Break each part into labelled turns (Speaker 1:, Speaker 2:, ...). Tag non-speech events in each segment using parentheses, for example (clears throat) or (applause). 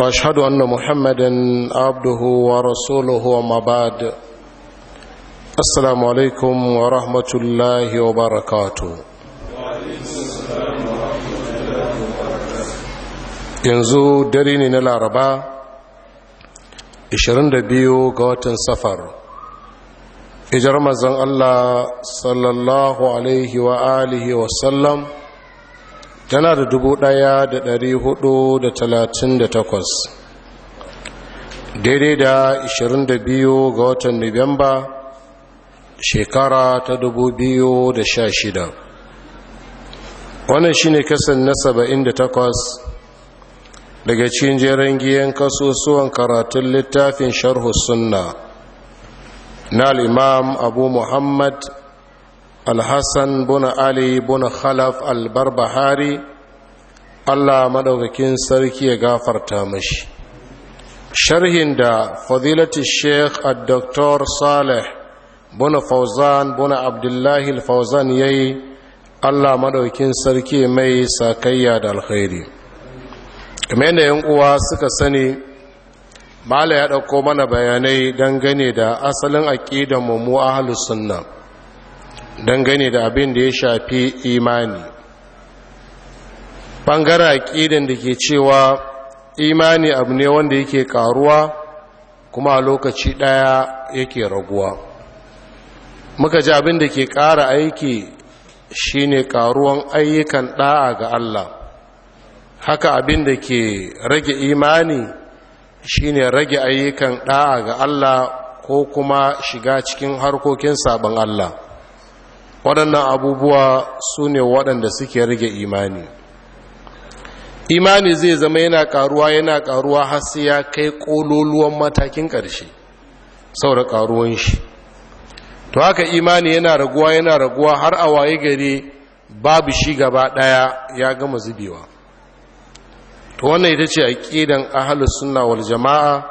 Speaker 1: واشهد ان محمدا عبده ورسوله وما بعد السلام عليكم ورحمه الله وبركاته yanzu dare ne na laraba 22 ga watan safar ijar mazan allah sallallahu alaihi wa alihi wasallam tana da dubu ɗaya da ɗari hudu da talatin da takwas daidai da da biyu ga watan nuwamba shekara ta dubu biyu da sha shida. wannan shine kasan na takwas daga cikin jeren giyan kasusuwan karatun littafin sharhu sunna na al'imam abu muhammad alhassan buna ali buna khalaf albarbahari allah madaukakin sarki ya gafarta mashi sharhin da fadilati sheikh a doktor saleh buna fauzan buna abdullahi fauzan ya yi allah madaukakin sarki mai sakayya da alkhairi kamar da yan uwa suka sani mala ya ɗauko mana bayanai dangane da asalin aƙidan mummu a ahalus sunna dangane da abin da ya shafi imani ɓangaren ƙidan da ke cewa imani abu ne wanda yake ƙaruwa kuma a lokaci ɗaya yake raguwa muka ji abin da ke ƙara aiki shine ƙaruwan ayyukan ɗa'a ga Allah haka abin da ke rage imani shine rage ayyukan ɗa'a ga Allah ko kuma shiga cikin harkokin sabon Allah waɗannan abubuwa su ne waɗanda suke rage imani imani zai zama yana ƙaruwa yana ƙaruwa har sai ya kai ƙololuwan matakin ƙarshe sau da ƙaruwan shi to haka imani yana raguwa yana raguwa har a waye gare babu shi gaba ɗaya ya gama zubewa to wannan ita ce aƙidan ahalus sunna wal jama'a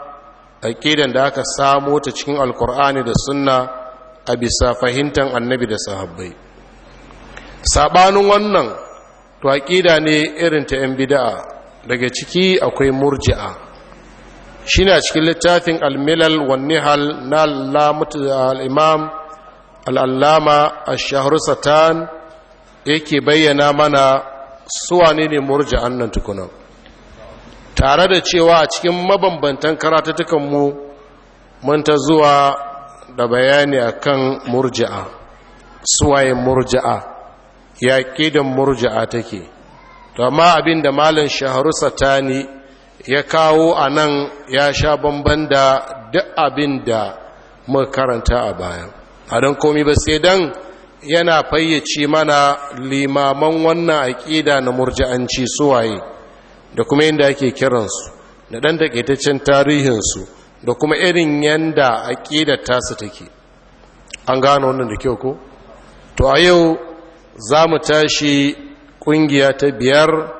Speaker 1: aƙidan da aka samo ta cikin alkur'ani da sunna a bisa fahimtar annabi da sahabbai sabanin wannan to aqida ne irin ta yan bida'a. daga ciki akwai murji'a ne a cikin littafin al-milal wan nihal na da al’imam al’allama a ash satan yake bayyana mana suwa ne murji'an nan tukunan tare da cewa a cikin mabambantan karatattukan mun ta zuwa da bayani akan murji'a suwaye murji'a ya da murji'a take to amma abin da malam shaharu satani ya kawo a nan ya sha bamban da duk abin da makaranta a baya. a don komi ba sai dan yana fayyace mana limaman wannan aƙida na murji'anci suwaye da kuma yanda ake kiransu da ɗan takaitaccen tarihinsu da kuma irin yanda aƙidar tasu take an gano wannan da kyau ko to a yau za mu tashi ƙungiya ta biyar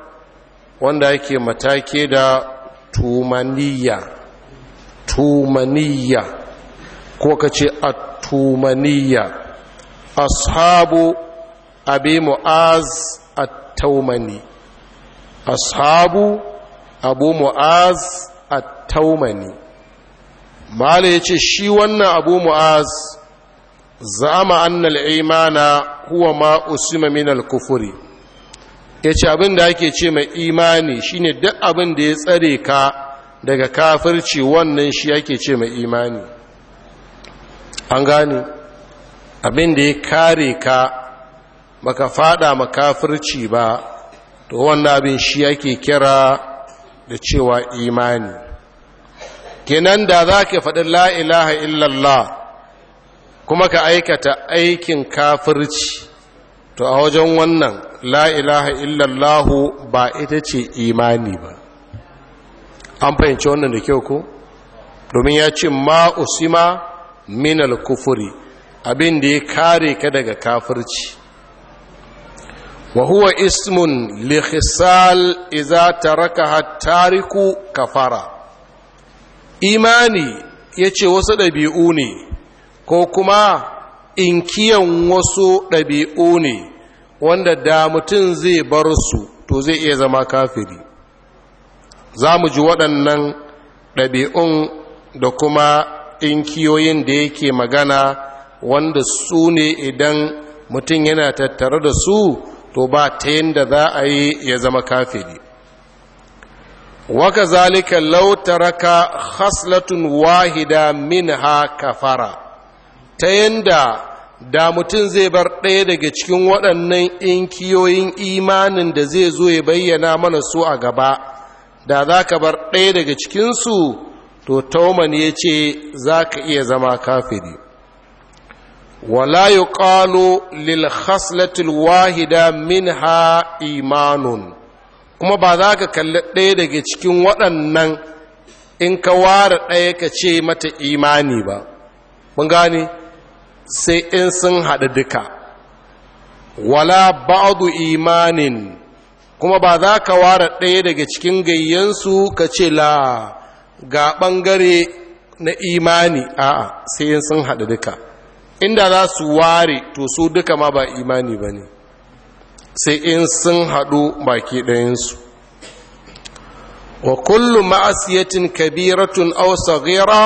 Speaker 1: wanda ake matake da tumaniya tumaniya ko ka ce a tumaniya ashabu abi mu'az a taumani ashabu abu mu'az a taumani mala ya ce shi wannan abu mu'az a annal imana huwa ma usima min al-kufuri ya ce abin da ake ce mai imani shine duk abin da ya tsare ka daga kafirci wannan shi ake ce mai imani an gani abin da ya kare ka baka fada makafirci ba to wannan abin shi ake kira da cewa imani kenan da za ka faɗi la ilaha illallah kuma ka aikata aikin kafirci to a wajen wannan la ilaha illallahu ba ita ce imani ba an fahimci wannan da kyau ko domin ya ce ma minal kufuri abin da ya kare ka daga kafirci wa ismun li iza ta raka tariku kafara imani ya ce wasu ɗabi'u ne ko kuma inkiyan wasu ɗabi'u ne wanda da mutum zai bar su to zai iya zama kafiri za mu ji waɗannan ɗabi'un da kuma inkiyoyin da yake magana wanda su ne idan mutum yana tattare da su to ba ta yadda za a yi ya zama kafiri waka zalika lautaraka khaslatun wahida minha kafara ta yanda da mutum zai bar ɗaya daga cikin waɗannan inkiyoyin imanin da zai zo ya bayyana mana su a gaba da za ka bar ɗaya daga cikinsu to tauman ya ce za ka iya zama kafiri wala yuqalu lil khaslatil wahida minha imanun kuma ba za ka kalli ɗaya daga cikin waɗannan in ka ware ɗaya ka ce mata imani ba mun gane sai in sun haɗu duka wala ba'adu imanin kuma ba za ka ware ɗaya daga cikin gayyansu ka ce la ga ɓangare na imani a'a sai in sun haɗu duka inda za su ware to su duka ma ba imani ba ne sai in sun haɗu baki ɗayansu wa kullu ma'asiyatin kabiratun aw saghira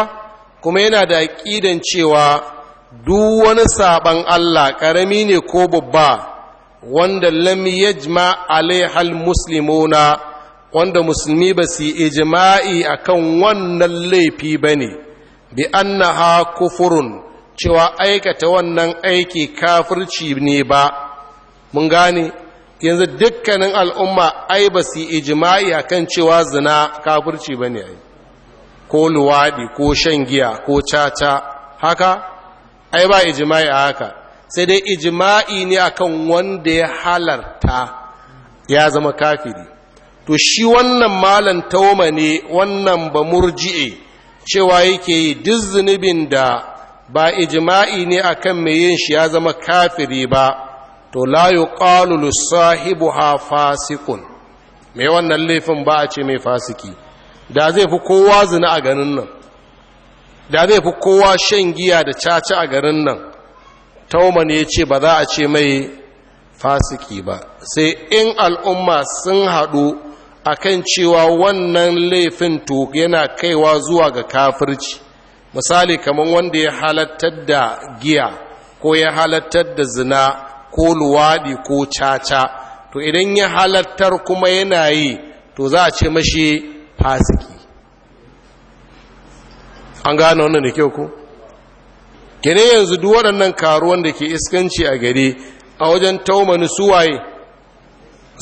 Speaker 1: kuma yana da aƙidan cewa duk wani saɓan Allah ƙarami ne ko babba wanda lam yajma alaihal muslimuna wanda musulmi ba su yi a kan wannan laifi ba ne, bi annaha kufurun cewa aikata wannan aiki kafirci ne ba mun gane yanzu dukkanin al'umma ai ba su ijima'i a kan cewa zina kafirci ba ne yi ko luwaɗi ko shan giya ko caca haka ai ba ijima'i a haka sai dai ijima'i ne akan wanda ya halarta ya zama kafiri to shi wannan malan tauma ne wannan ba murji'e cewa yake yi duk zunubin da ba ijima'i ne akan mai yin shi ya zama kafiri ba to la sahibu ha fasikun. me wannan laifin ba a ce mai fasiki da zai fi kowa zina a ganin nan da zai fi kowa shan giya da caca a garin nan tauman ya ce ba za a ce mai fasiki ba sai in al'umma sun haɗu akan cewa wannan laifin to yana kaiwa zuwa ga kafirci misali kamar wanda ya halattar da giya ko ya halattar da zina ko luwaɗi ko caca to idan ya halattar kuma yana yi to za a ce mashi fasiki an gane wannan da kyau ko gane yanzu duk waɗannan karuwan da ke iskanci a gari a wajen taumani suwaye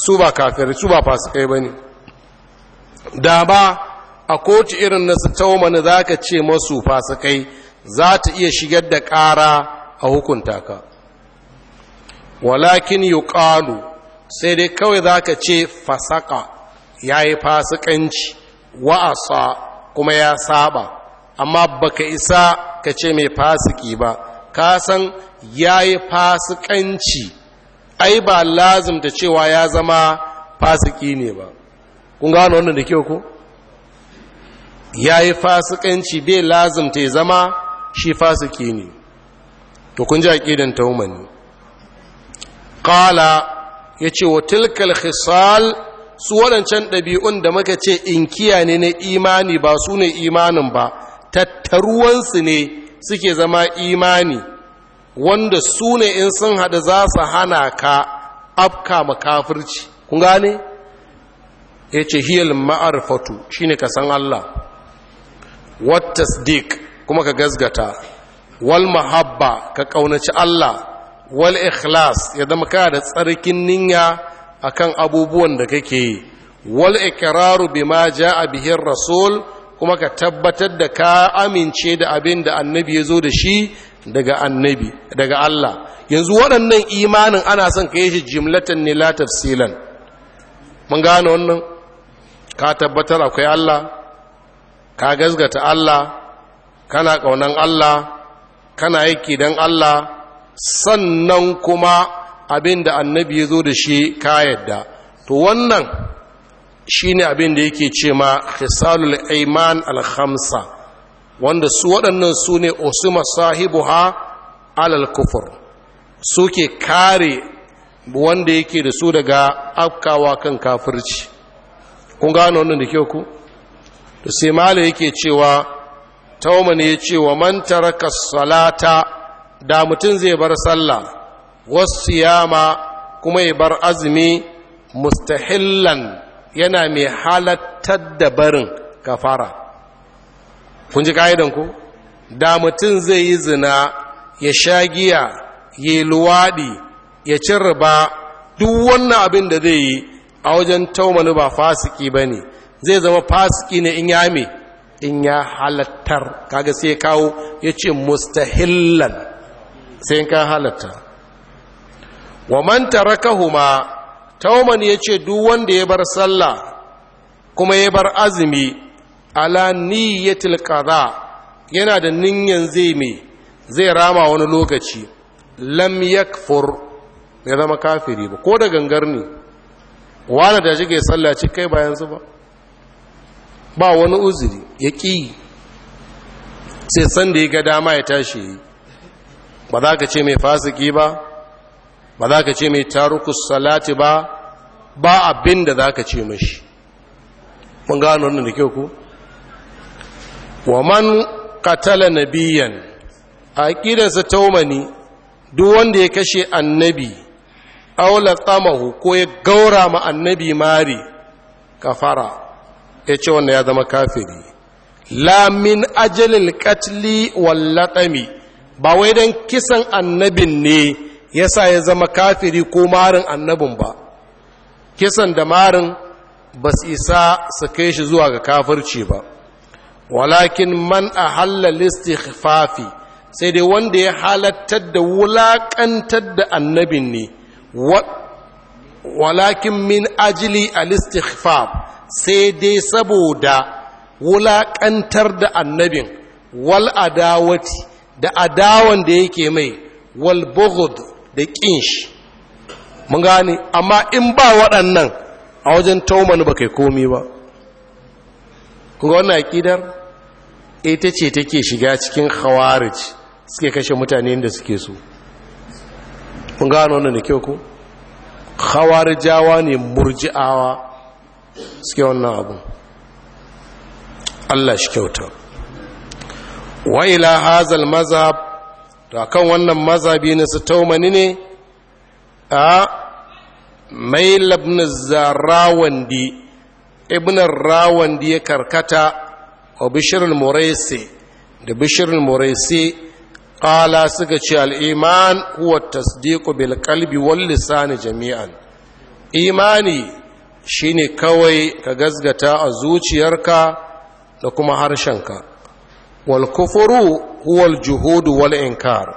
Speaker 1: su ba kafirai su ba fasikai ba ne da ba a kotu irin nasu taumani za ka ce masu fasikai za ta iya shigar da ƙara a hukunta ka walakin yuqalu sai dai kawai za ka ce fasaka yayi fasikanci wa kuma ya saba amma baka isa ka ce mai fasiki ba ka san yayi fasikanci ai ba lazim da cewa ya zama fasiki ne ba kun gano wannan da kyau ko ya yi fasikanci bai lazim ta zama shi fasiki ne to kun ji aƙidan taumani qala yace wa tilkal khisal su waɗancan ɗabi'un da muka ce inkiya ne na imani ba su ne imanin ba tattaruwansu ne suke zama imani wanda su ne in sun haɗu za su hana ka afka makafirci kun gane ya ce hiyal ma'arfatu shine ka san Allah wat tasdiq kuma ka gazgata wal mahabba ka ƙaunaci Allah wal ikhlas ya zama ka da tsarkin niyya akan abubuwan da kake yi wal ikraru bima a bihi rasul kuma ka tabbatar da ka amince da abin da annabi ya zo da shi daga annabi daga Allah yanzu waɗannan imanin ana son ka yi shi jimlatan ne la tafsilan mun gane wannan ka tabbatar akwai Allah ka gazgata Allah kana ƙaunan Allah kana yake dan Allah sannan kuma abin da annabi ya zo da shi ka yadda to wannan shi ne abin da yake ce ma khisalul aiman alhamsa wanda su waɗannan su ne osuma sahibu ha alal kufur suke kare wanda yake da su daga afkawa kan kafirci kun gano wannan da kyau ku to sai mala yake cewa tauma ne ya ce wa man taraka salata da mutum zai bar sallah wasu yama kuma ya bar azumi mustahillan yana mai halattar da barin kafara kun ji ka'idanku. da mutum zai yi zina ya sha giya ya yi luwaɗi ya cin riba duk wannan abin da zai yi a wajen taumanu ba fasiki ba ne zai zama fasiki ne in ya in ya halattar kaga sai kawo ya ce mustahillan sai ka halatta wa man tarakahuma tauman yace duk wanda ya bar sallah kuma ya bar azumi ala niyyatil qada yana da niyyan zai me zai rama wani lokaci lam yakfur ya zama kafiri ba ko da gangar ne wani da shige sallah ci kai bayan su ba ba wani uzuri ya ƙi sai san da ya ga dama ya tashi yi ba za ka ce mai fasiki ba ba za ka ce mai taruku salati ba ba abin da za ka ce mashi mun gano wannan da kyau ku wa man katala nabiyan aqidarsa taumani duk wanda ya kashe annabi aula tsamahu ko ya gaura ma annabi mari kafara ya ce wanda ya zama kafiri Lamin min ajalil qatli ba wai don kisan annabin ne ya sa ya zama kafiri ko marin annabin ba kisan da marin ba su isa su kai shi zuwa ga kafirci ba walakin man a halal sai dai wanda ya halattar da wulaƙantar da annabin ne walakin min ajili listi istighfaf sai dai saboda wulaƙantar da annabin wal adawati da adawan da yake mai Walbogod da Kinsh, mun gane amma in ba waɗannan a wajen taumanu ba kai komi ba kuma wannan aƙidar ita ce take shiga cikin khawarij suke kashe mutane da suke so mun gane wannan da kyau ku khawarijawa ne murji'awa suke wannan abu Allah shi kyauta wa ila hazal mazhab to akan wannan mazhabi na su taumani ne a mail ibn zarawandi ibn rawandi ya karkata wa bishir al-muraisi da bishir al-muraisi qala suka ce al-iman huwa tasdiqu bil qalbi wal lisani jami'an imani shine kawai ka gazgata a zuciyarka da kuma harshenka wal kufuru huwal juhudu wal inkar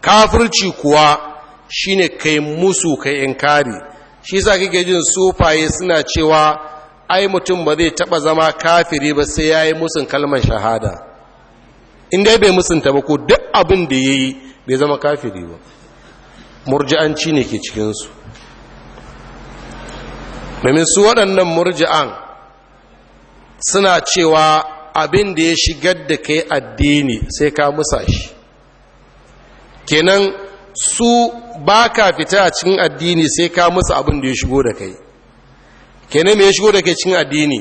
Speaker 1: kafirci kuwa shine kai musu kai inkari shi sa kake jin sufaye suna cewa ai mutum ba zai taɓa zama kafiri ba sai yayi musu kalmar shahada in dai bai musunta ba ko duk abin da yayi bai zama kafiri ba murji'anci ne ke cikinsu. su waɗannan murji'an suna cewa abin da ya shigar da kai addini sai ka musa shi kenan su ba ka fita a cikin addini sai ka musa abin da ya shigo da kai kenan mai ya shigo da kai cikin addini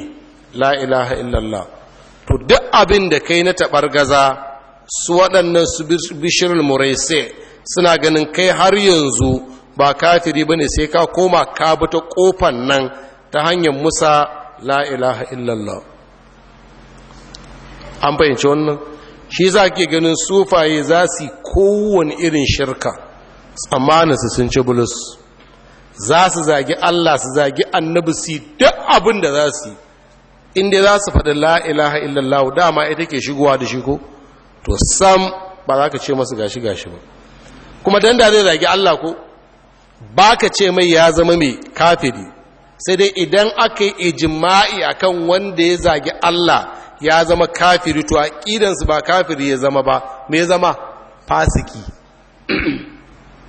Speaker 1: la ilaha illallah to duk abin da kai na taɓar gaza su waɗannan su bishirin muraise suna ganin kai har yanzu ba kafiri ba ne sai ka koma ka bi ta ƙofan nan ta hanyar musa la ilaha illallah an fahimci wannan shi za ke ganin sufaye za su kowane irin shirka tsammaninsu sun ci bulus za su zagi allah su zagi annabi su duk abin da za su yi. inda za su faɗi la'ilaha illallah dama ita ke shigowa da shi ko to sam ba za ka ce masu gashi gashi ba kuma dan da zai zagi allah ko ba ka ce mai ya zama mai kafiri sai dai idan aka yi ijima'i akan wanda ya zagi allah ya zama kafiri to aqidansu ba kafiri ya zama ba mai zama fasiki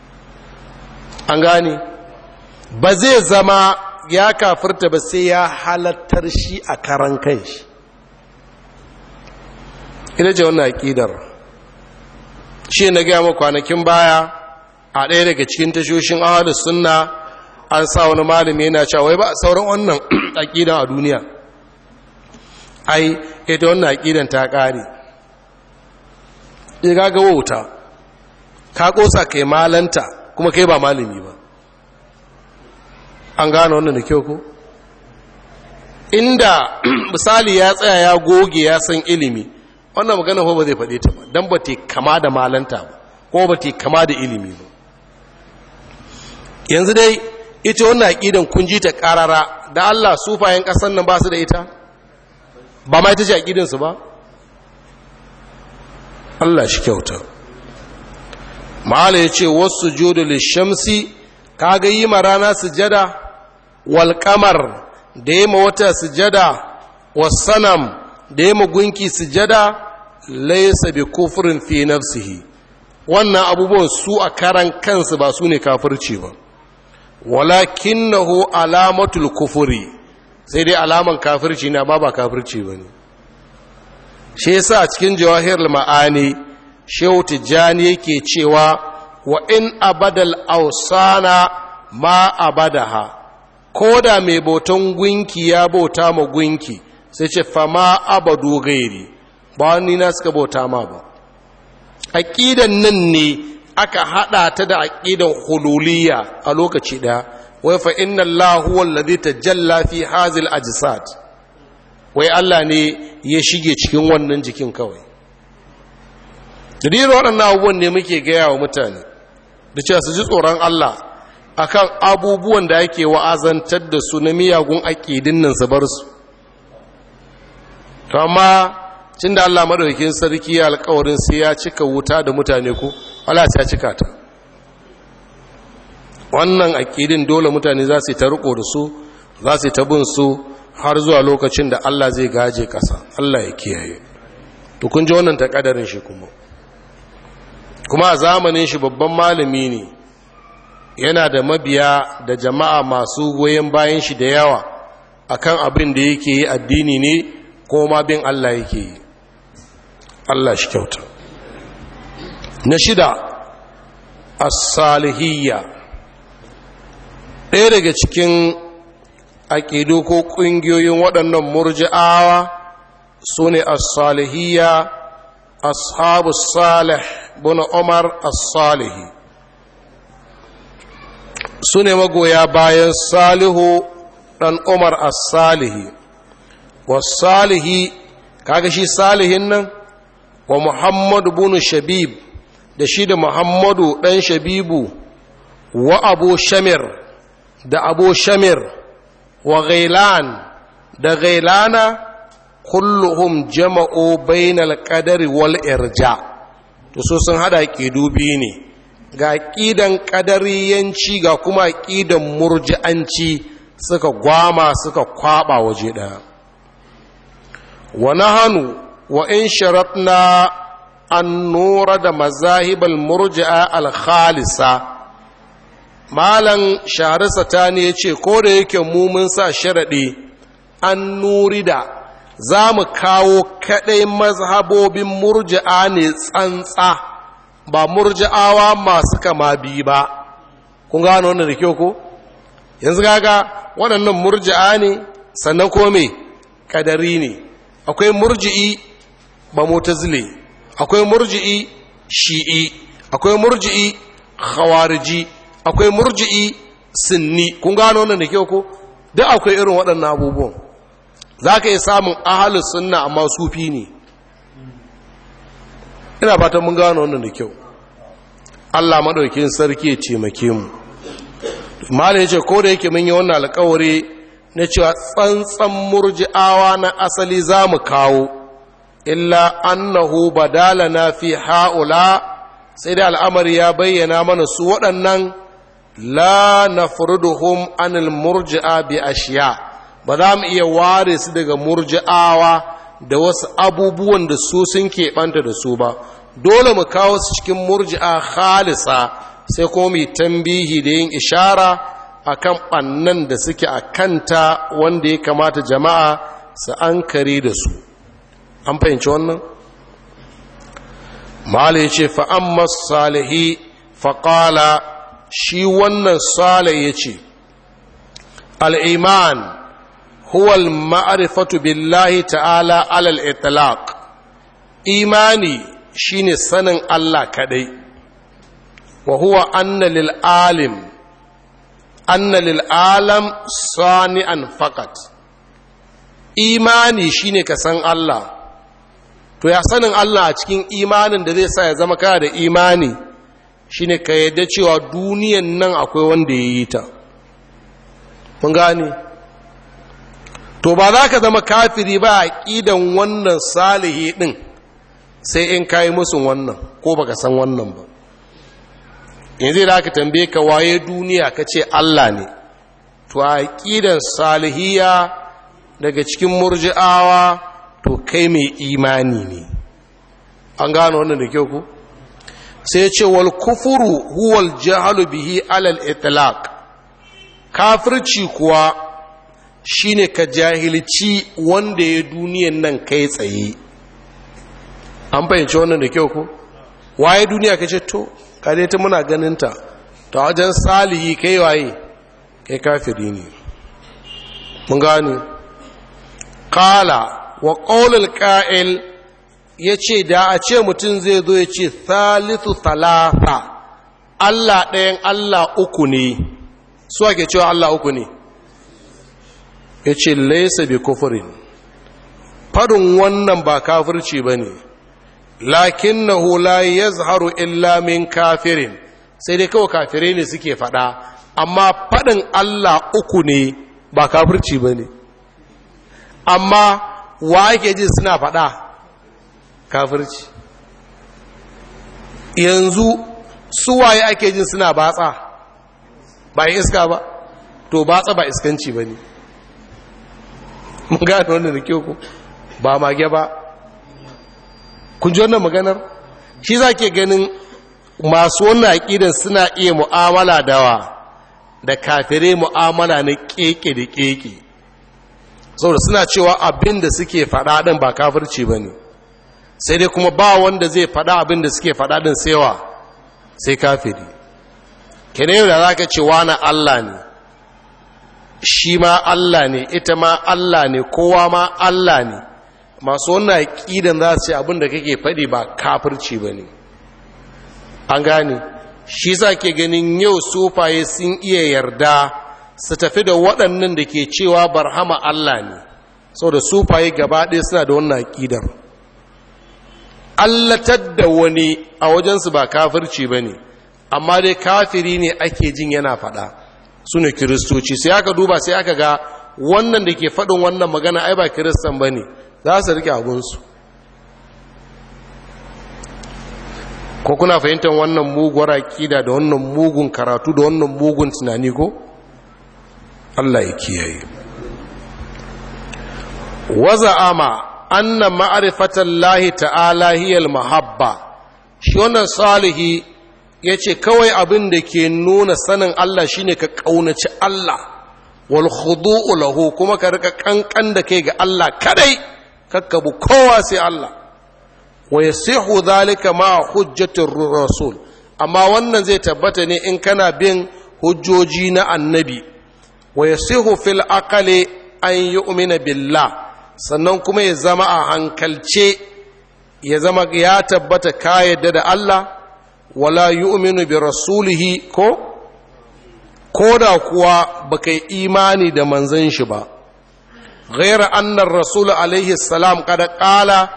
Speaker 1: (clears throat) an gane ba zai zama ya kafirta ba sai ya halattar shi a karan shi ina ce wannan aqidar shi na gaya ma kwanakin baya a ɗaya daga cikin tashoshin ahalus sunna an sa wani malami yana cewa wai ba sauran wannan aqidan (clears throat) a duniya ai ita wannan aƙidan ta ƙare ya eh, ga wauta ka ƙosa kai malanta kuma kai ba malami ba an gano wannan da kyau ko inda (clears throat) misali ya tsaya ya goge ya san ilimi wannan magana ko ba zai faɗe ta ba don ba te kama da malanta ba ko ba te kama da ilimi ba yanzu dai ita wannan aƙidan kun ji ta ƙarara da allah sufayen ƙasar nan ba su da ita ba ma ita ce a aƙidinsu ba Allah shi kyauta ma'ala ya ce wasu shamsi ka kaga yi ma rana sujada wal kamar da yi ma wata sujada wasanam da yi ma gunki sujada laisa bi kufurin fi nafsihi wannan abubuwan su a karan kansu ba su ne kafirci ba walakin ho alamatul kufuri sai dai alaman kafirci na ba ba kafirci ba ne shi yasa cikin jawahir ma'ani shehu tijjani yake cewa wa in abadal ausana ma abadaha ko da mai bautan gunki ya bota ma gunki sai ce fama abadu gairi ba wani na suka bota ma ba aƙidan nan ne aka haɗa ta da aƙidan hululiya a lokaci ɗaya wai fa inna Allah huwa allazi tajalla fi hazil ajsad wai Allah ne ya shige cikin wannan jikin kawai dalilin waɗannan abubuwan ne muke gaya wa mutane da cewa su ji tsoron Allah akan abubuwan da ake wa'azantar da su na miyagun aƙidin nan su bar su to amma cin da Allah madaukakin sarki ya alƙawarin sai ya cika wuta da mutane ko Allah ya cika ta wannan aƙidin dole mutane za su ta riko da su za su ta bin su har zuwa lokacin da Allah zai gaje kasa. Allah ya kiyaye to kun ji wannan takadarin shi kuma kuma a zamanin shi babban malami ne yana da mabiya da jama'a masu goyon bayan shi da yawa akan abin da yake yi addini ne ko ma bin Allah yake yi Allah shi kyauta na shida as-salihiyya ɗaya daga cikin aƙidu ko ƙungiyoyin waɗannan murji'awa su ne as-salihiyya ashabu salih bin umar as-salihi su ne magoya bayan salihu ɗan umar as-salihi Wa salihi kaga shi salihin nan wa muhammadu bin shabib da shi da muhammadu ɗan shabibu wa abu shamir da abu shamir wa ghailan da ghailana kulluhum jama'u bainal qadari wal irja to so sun hada kidu biyu ne ga aqidan qadariyanci ga kuma ƙidan murji'anci suka gwama suka kwaba waje ɗaya. wa nahanu wa in sharatna an nura da mazahibal murji'a al khalisa malan shahar satani ya ce ko da yake mu mun sa sharaɗi an nuri da za mu kawo kaɗai mazhabobin murja'a ne tsantsa ba murja'awa masu kama bi ba kun gano wannan da kyau ko yanzu gaga waɗannan murja'a ne sannan ko me kadari ne akwai murji'i ba mutazile akwai murji'i shi'i akwai murji'i khawariji akwai murji'i sinni kun gano wannan da kyau ko duk akwai irin waɗannan abubuwan za ka yi samun ahalin sunna amma sufi ne ina fatan mun gano wannan da kyau allah maɗaukin sarki ya taimake mu malin ce ko da yake mun yi wannan alkawari na cewa tsantsan murji'awa na asali za mu kawo illa annahu badala na fi ha'ula sai dai al'amari ya bayyana mana su waɗannan la nafruduhum anil murji'a bi ashiya ba za mu iya ware su daga murji'awa da wasu abubuwan da su sun keɓanta da su ba dole mu kawo su cikin murji'a khalisa sai kuma mu tambihi da yin ishara akan ɓannan da suke a kanta wanda ya kamata jama'a su an da su an fahimci wannan mala ya ce fa'ammas salihi faƙala shi wannan sale ya ce al'iman huwal ma'arifatu billahi ta'ala alal itlaq imani shine sanin Allah kaɗai. wa huwa anna lil alim anna lil alam sani'an faqat imani shine ka san Allah to ya sanin Allah a cikin imanin da zai sa ya zama kana da imani shine ka yadda cewa duniyan nan akwai wanda ya yi ta mun gane to ba za ka zama kafiri ba a ƙidan wannan salihi ɗin sai in kayi musu wannan ko baka san wannan ba yanzu da aka tambaye ka waye duniya ka ce Allah ne to a ƙidan salihiya daga cikin murji'awa to kai mai imani ne an gano wannan da kyau ku? sai ya ce wal kufuru huwal jahalu bihi alal itlaq kafirci kuwa shine ka jahilci wanda ya duniyan nan kai tsaye an fahimci wannan da kyau ko waye duniya ka ce to kare ta muna ganin ta ta wajen salihi kai waye kai kafiri ne mun gane qala wa qawlul qa'il ya ce da a ce mutum zai zo ya ce Salisu Salasa Allah ɗayan Allah uku ne su ake cewa Allah uku ne ya ce laisa bi kufurin Fadin wannan ba kafirci ba ne lakin na hula ya zaharu illamin kafirin sai dai kawai kafirai ne suke fada amma fadin Allah uku ne ba kafirci ba ne amma wa ake ji suna fada kafirci yanzu suwaye ake jin suna batsa ba iska ba to batsa ba iskanci ba ne mun gane wannan da kyau ku ba mage ba kun ji wannan maganar shi za ke ganin masu wannan aƙidan suna iya mu'amala dawa da kafirai mu'amala na keke da keke saboda suna cewa abin da suke faɗaɗin ba kafirci ba ne sai dai kuma ba wanda zai faɗa abin da suke faɗa din saiwa sai kafiri kene da za ka ce wani allah ne shi ma allah ne ita ma allah ne kowa ma allah ne masu wannan aƙidan za su ce abin da kake faɗi ba kafirci ba ne an gane shi za ke ganin yau sufaye sun iya yarda su tafi da waɗannan da ke cewa barhama allah ne sau da sufaye gaba ɗaya suna da wannan aƙidar allatar da wani a wajensu ba kafirci ba ne amma dai kafiri ne ake jin yana faɗa su ne kiristoci sai aka duba sai aka ga wannan da ke faɗin wannan magana ai ba kiristan ba ne za su riƙe abinsu ko kuna fahimtar wannan muguwar aƙida da wannan mugun karatu da wannan mugun tunani ko allah ya kiyaye waza'ama anna ma'arifatan lahi ta'ala hiyal mahabba shi wannan salihi ya ce kawai abin da ke nuna sanin Allah shine ka ƙaunaci Allah wal khudu'u lahu kuma ka rika ƙanƙan da kai ga Allah kadai kakkabu kowa sai Allah wa yasihu dhalika ma hujjatir rasul amma wannan zai tabbata ne in kana bin hujjoji na annabi wa yasihu fil aqali an yu'mina billah sannan kuma ya zama a hankalce ya zama ya tabbata ka yadda da Allah wala yu'minu bi rasulihi ko da kuwa baka yi imani da manzon shi ba ghaira anna rasul alaihi salam kada qala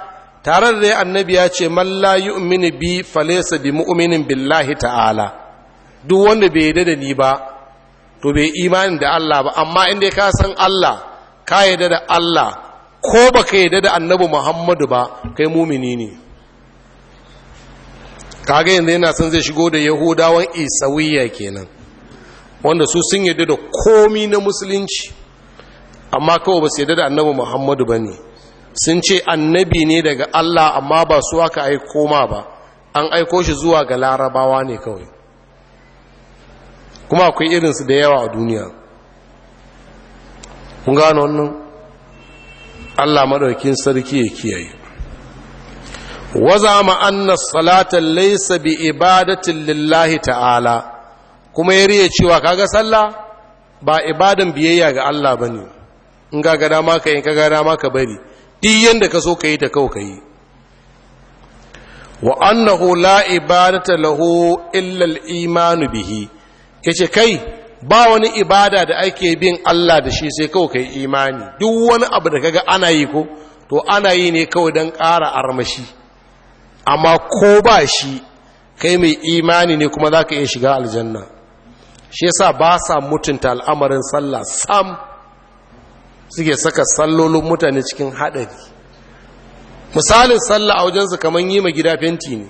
Speaker 1: tare da annabi ya ce man la yu'minu bi falesa bi mu'minin billahi ta'ala duk wanda bai yarda da ni ba to bai imani da Allah ba amma inda ka san Allah ka yarda da Allah ko ba ka yadda da annabi muhammadu ba kai mumini ne kaga yanzu yana son zai shigo da yahudawan isawiyya kenan wanda su sun yadda da komi na musulunci amma kawai ba su yadda da annabi muhammadu ba ne sun ce annabi ne daga allah amma ba su aka aiko ma ba an aiko shi zuwa ga larabawa ne kawai kuma akwai irinsu da yawa a duniya kun gano wannan Allah madaukin sarki ya kiyaye waza ma anna salata laysa bi ibadatin lillahi ta'ala kuma ya cewa kaga sallah ba ibadan biyayya ga Allah bane in ga gada maka in ka gada maka bari duk yanda ka so kai ta kau kai wa annahu la ibadata lahu illa al-iman bihi yace kai ba wani ibada da ake bin Allah da shi sai kawai kai imani duk wani abu da kaga ana yi ko to ana yi ne kawai don ƙara armashi amma ko ba shi kai mai imani ne kuma za ka iya shiga aljanna shi yasa ba sa mutunta al'amarin sallah sam suke saka sallolin mutane cikin haɗari misalin sallah a wajensu kamar yi ma gida fenti ne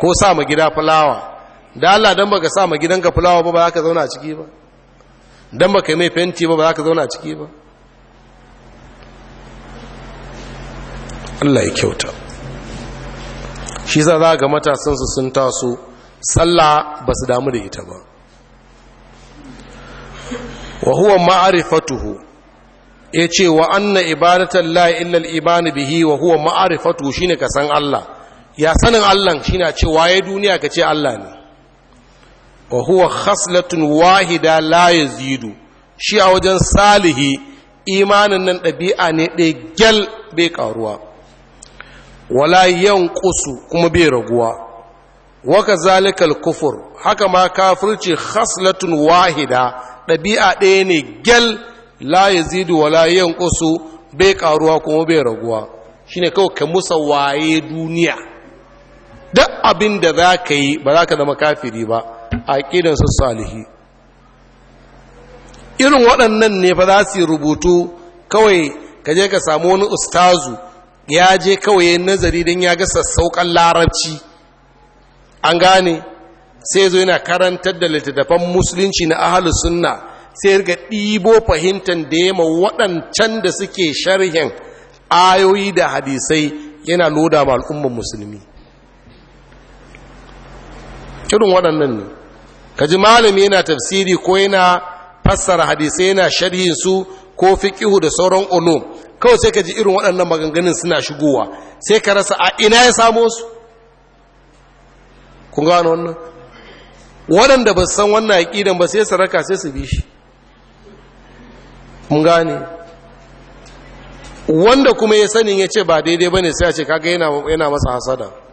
Speaker 1: ko sa ma gida fulawa da Allah dan baka sa ma gidanka fulawa ba ba za ka zauna a ciki ba dan baka mai fenti ba ba za ka zauna a ciki ba Allah ya kyauta shi za za ga matasansu sun taso sallah ba su damu da ita ba wa huwa ma'arifatuhu ya ce wa anna ibadatan la illal imani bihi wa huwa ma'arifatuhu shine ka san Allah ya sanin Allah shi a ce waye duniya ka ce Allah ne wa huwa khaslatun wahida la yazidu shi a wajen salihi imanin nan ɗabi'a ne ɗaya gyal bai ƙaruwa wala yan ƙusu kuma bai raguwa waka zalikal kufur haka ma kafirci khaslatun wahida ɗabi'a ɗaya ne gyal la yazidu wala yan ƙusu bai ƙaruwa kuma bai raguwa shine kawai ka musa waye duniya duk abin da za ka yi ba za ka zama kafiri ba a su salihi irin waɗannan ne ba za su yi rubutu kawai ka je ka samu wani ustazu ya je kawai nazari don ya ga sassauƙan larabci an gane sai zo yana karantar da littattafan musulunci na ahalus sunna sai ga ɗibo fahimtar da ya ma waɗancan da suke sharhin ayoyi da hadisai yana loda ma al'ummar musulmi irin waɗannan ne ka ji malami yana tafsiri ko yana fassara hadisai yana sharhin su ko fiqihu da sauran ulum kawai sai ka ji irin waɗannan maganganun suna shigowa sai ka rasa a ina ya samo su kun gano wannan waɗanda ba san wannan aƙidan ba sai su raka sai su bi shi mun gane wanda kuma ya sanin ya ce ba daidai ba ne sai a ce kaga yana masa hasada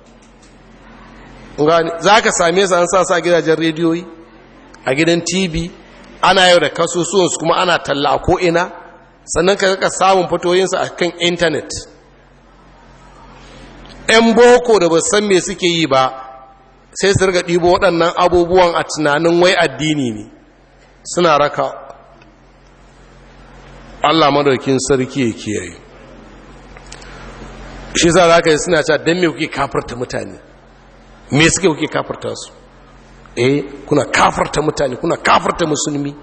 Speaker 1: za ka same su an sa gidajen rediyoyi a gidan tv ana yau da kasusuwansu kuma ana talla a ko'ina sannan ka ka samun fitoyinsu a kan intanet 'yan boko da ba san me suke yi ba sai su riga ɗibo waɗannan abubuwan a tunanin wai addini ne suna raka allah madaukin sarki ya kiyaye shi za ka yi suna cewa don me kuke kafarta mutane me suke kuke kafarta su eh kuna kafarta mutane kuna kafarta musulmi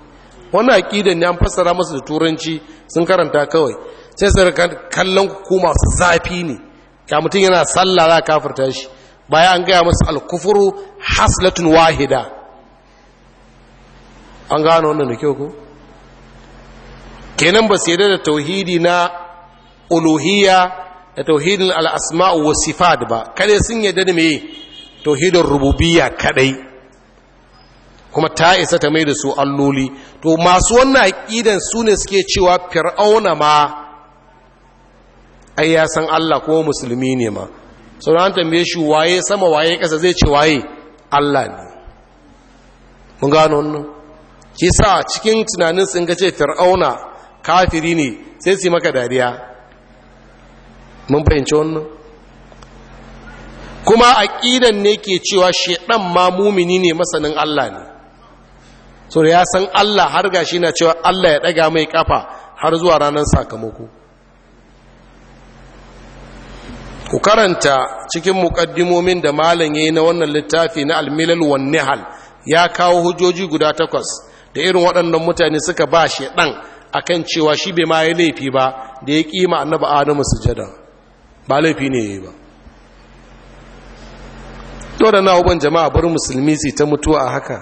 Speaker 1: wannan aqidan ne an fassara masa da turanci sun karanta kawai sai su kallon ku masu zafi ne ya mutum yana sallah za kafarta shi bayan an gaya masa al-kufru haslatun wahida an gano wannan da kyau ko kenan ba su da tauhidi na uluhiyya da tauhidin al asma'u wa sifat ba kare sun yarda da meye tauhidin rububiya kadai kuma ta isa ta mai da su alloli to masu wannan aƙidan su ne suke cewa fir'auna ma ai ya san Allah ko musulmi ne ma sauran tambaye shi waye sama waye ƙasa zai ce waye Allah ne mun gano wannan shi sa cikin tunanin sun ga ce fir'auna kafiri ne sai su yi maka dariya mun fahimci wannan kuma aqidan ne ke cewa shedan ma mumini ne masanin Allah ne so ya san Allah har gashi na cewa Allah ya ɗaga mai kafa har zuwa ranar sakamako ku karanta cikin muƙaddimomin da malam yayi na wannan littafi na almilal milal wan ya kawo hujjoji guda takwas da irin waɗannan mutane suka ba shedan akan cewa shi bai ma yi laifi ba da ya kima annabi Adamu sujada ba laifi ne yayi ba to da na uban jama'a bar musulmi su ta mutuwa a haka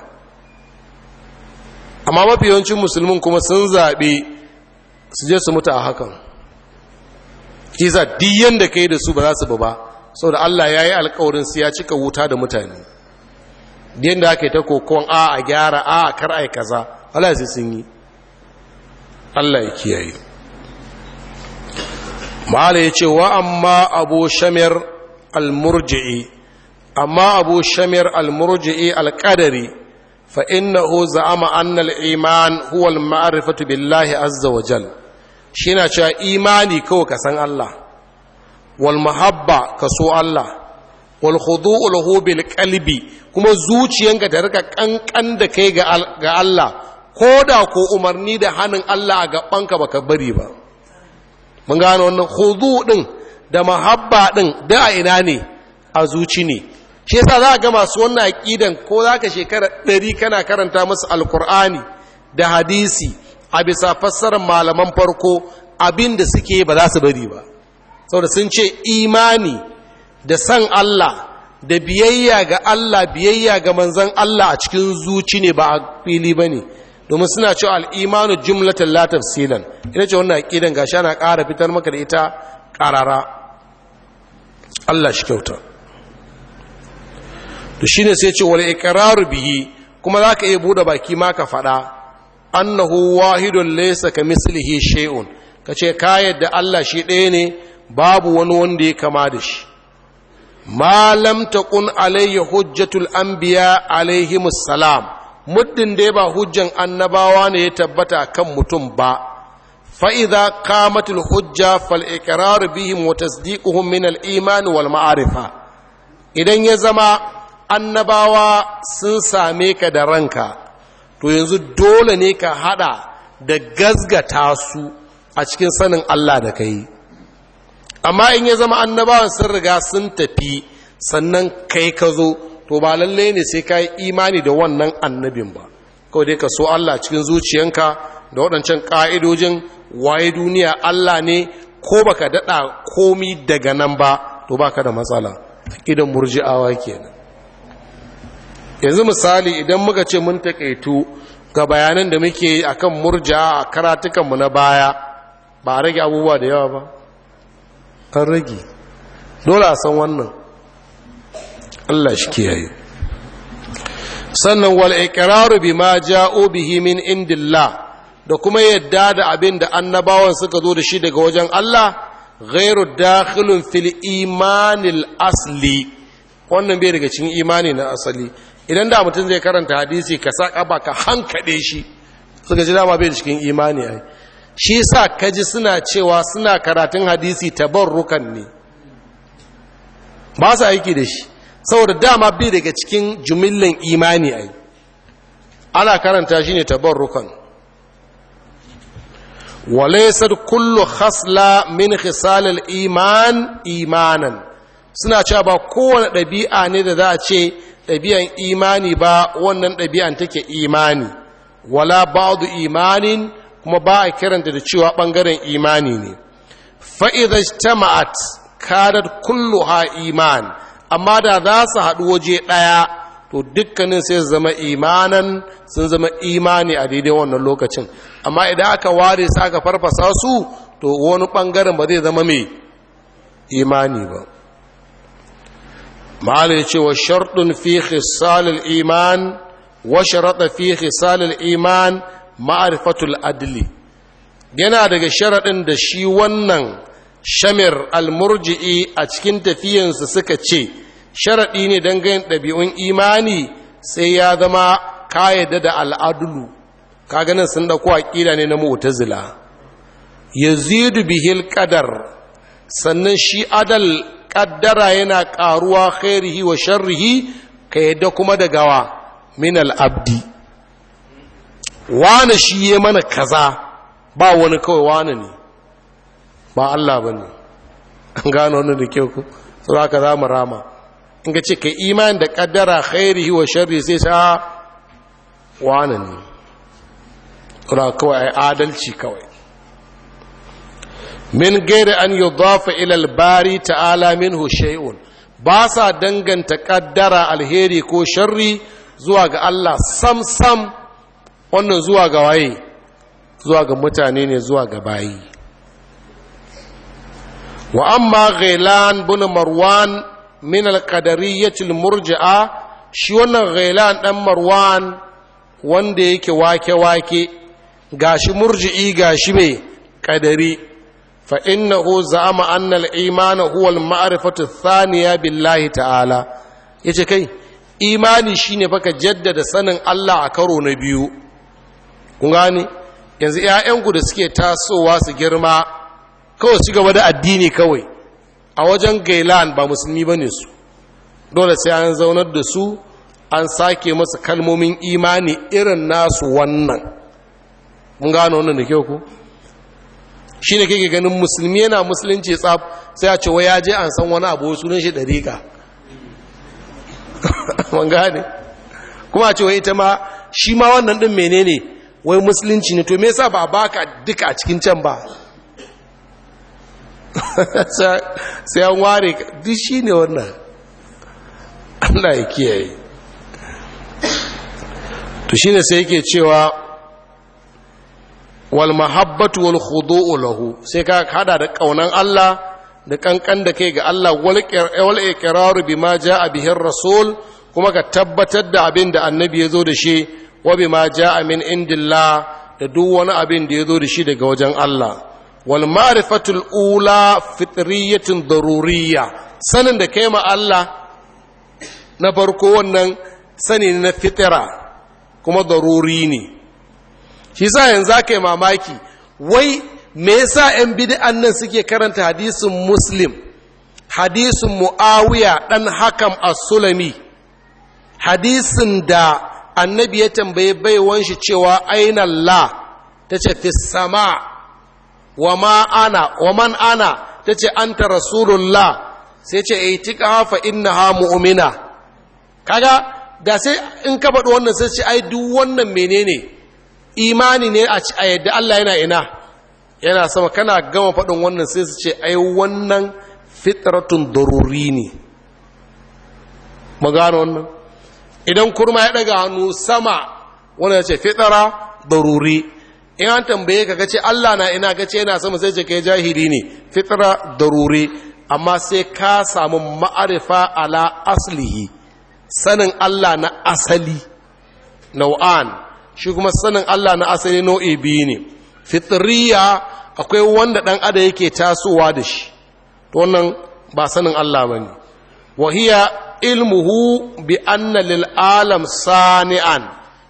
Speaker 1: amma mafi yawancin musulmin kuma sun zaɓe su je su mutu a hakan kiza diyan da yi da su ba za su ba saboda Allah ya yi alkawarin su ya cika wuta da mutane diyan da aka yi ta kokon a a gyara a kar a kaza Allah sai sun yi Allah ya kiyaye ma'ala ya ce wa amma abu shamir al-murji'i amma abu shamir al-murji'i al-qadari fa innahu za'ama anna al-iman huwa al-ma'rifatu billahi azza wa jal shi na cewa imani kawai ka san Allah wal mahabba ka so Allah wal khudu'u lahu bil qalbi kuma zuciyanka ta rika kankan da kai ga Allah ko da ko umarni da hannun Allah a gabanka baka bari ba mun gano wannan khudu din da mahabba din da a ina ne a zuci ne shi yasa za ga masu wannan aƙidan ko za ka shekara ɗari kana karanta musu alkur'ani da hadisi a bisa fassarar malaman farko abin da suke ba za su bari ba saboda sun ce imani da san Allah da biyayya ga Allah biyayya ga manzan Allah a cikin zuci ne ba a fili ba ne domin suna cewa al'imanu jumlatan la tafsilan ina ce wannan aqidan gashi ana ƙara fitar maka da ita ƙarara Allah shi kyauta to shine sai ce wal iqraru bihi kuma zaka iya buɗe baki ma ka faɗa. annahu wahidun laysa kamislihi shay'un kace ka yadda Allah shi ɗaya ne babu wani wanda ya kama da shi ma lam taqun alayhi hujjatul anbiya alayhi musallam muddin da ba hujjan annabawa ne ya tabbata kan mutum ba hujja fal bihim wa tasdiquhum min al iman wal ma'rifa Idan ya zama. annabawa sun same ka da ranka to yanzu dole ne ka hada da gazgata su a cikin sanin Allah da kai amma in ya zama annabawan sun riga sun tafi sannan kai ka zo to ba lalle ne sai ka yi imani da wannan annabin ba kawai dai ka so Allah cikin zuciyanka da waɗancan ƙa'idojin waye duniya Allah ne ko baka daɗa komi daga nan ba to baka da matsala idan murji'awa kenan yanzu misali idan muka ce mun takaitu ga bayanan da muke yi a kan murja a karatukanmu na baya ba a rage abubuwa da yawa ba an rage dole a san wannan Allah shi kiyaye sannan wal bi ma ja'u bihi min indillah da kuma yadda da abin da annabawan suka zo da shi daga wajen Allah Gairu, dakhilun fil imanin asli wannan bai daga cikin imani na asali idan da mutum zai karanta hadisi ka sa ba ka hankade shi suka ji dama bai cikin imani ai shi sa kaji suna cewa suna karatun hadisi tabarrukan ne ba su aiki da shi saboda dama bai daga cikin jumillan imani ai ana karanta shi ne tabarrukan walaisar kullu khasla min khisalil iman imanan suna cewa ba kowane ɗabi'a ne da za a ce ɗabi'an imani ba wannan ɗabi'an take imani wala ba ba'du imanin kuma ba a kiranta da cewa ɓangaren imani ne fa'iza jama'at kadar kulluha iman amma da za su haɗu waje ɗaya to dukkanin sai zama imanan sun zama imani a daidai wannan lokacin amma idan aka ware su aka farfasa su to wani ɓangaren ba zai zama mai imani ba ma'ala ya ce wa sharɗin fi khisalil iman wa sharaɗa fi khisalil iman ma'arifatul adli yana daga sharaɗin da shi wannan shamir almurji'i a cikin tafiyansa suka ce sharaɗi ne dangane ɗabi'un imani sai ya zama kayyada da al'adulu ganin sun ɗauko aƙida ne na mutazila yazidu bihil kadar sannan shi adal Kaddara yana ƙaruwa khairihi wa sharrihi ka yadda kuma da gawa min abdi. wane shi ya mana kaza ba wani kawai wane ne ba Allah ba ne an gano wani da kyau ku su za ka za mu rama in ka ce ka iman da kaddara khairihi wa sharrihi sai sa wane ne kawai adalci kawai min gairi an yudafa ila ilal bari ta'ala minhu shay'un ba sa danganta kaddara alheri ko sharri zuwa ga Allah sam sam wannan zuwa ga waye zuwa ga mutane ne zuwa ga bayi wa amma ghailan bin marwan min al murji'a shi wannan ghailan dan marwan wanda yake wake wake gashi murji'i gashi mai kadari Fa'inna innahu za'ama anna al-iman huwa billahi ta'ala yace kai imani shine baka jaddada sanin Allah a karo na biyu kun gane yanzu 'ya'yanku da suke tasowa su girma kawai su gaba da addini kawai a wajen gailan ba musulmi bane su dole sai an zaunar da su an sake masu kalmomin imani irin nasu wannan mun gano wannan da kyau ku shi ne kake ganin musulmi yana musulunci tsaf sai a cewa ya je an san wani abu sunan shi ka? (laughs) man gane kuma a cewa ita ma shi ma wannan ɗin menene wai musulunci ne to me yasa ba baka duka a cikin can ba (laughs) sai an ware duk shi ne wannan Allah ya kiyaye to shi ne sai yake cewa wal mahabbatu wal khudu'u lahu sai ka hada da kaunan Allah da kankan da kai ga Allah wal iqraru bima jaa bihi rasul kuma ka tabbatar da abin da annabi ya zo da shi wa bima jaa min indillah da duk wani abin da ya zo da shi daga wajen Allah wal ma'rifatul ula fitriyatin daruriyya sanin da kai ma Allah na farko wannan sani na fitira kuma daruri ne shi sa yanzu aka yi mamaki wai me yasa 'yan bid'an nan suke karanta hadisin muslim hadisin mu'awiya ɗan hakan as-sulami hadisin da annabi ya tambaye baiwan shi cewa aina la ta ce fi sama wa man ana ta ce anta rasulullah sai ce itika eh, hafa inna ha mu'mina kaga da sai in ka faɗi wannan sai ce ai duk wannan menene imani ne a yadda Allah yana ina yana sama kana gama faɗin wannan sai su ce ai wannan fitratun daruri ne magana wannan idan kurma ya daga hannu sama wani ya ce fitara daruri in an tambaye ka gace Allah na ina gace yana sama sai ce yi jahili ne fitara daruri amma sai ka samu ma'arifa ala aslihi sanin Allah na asali nau'an shi kuma sanin Allah na asali nau'i biyu ne fitriya akwai wanda ɗan ada yake tasowa da shi to wannan ba sanin Allah bane ne ilmuhu bi anna lil alam sani'an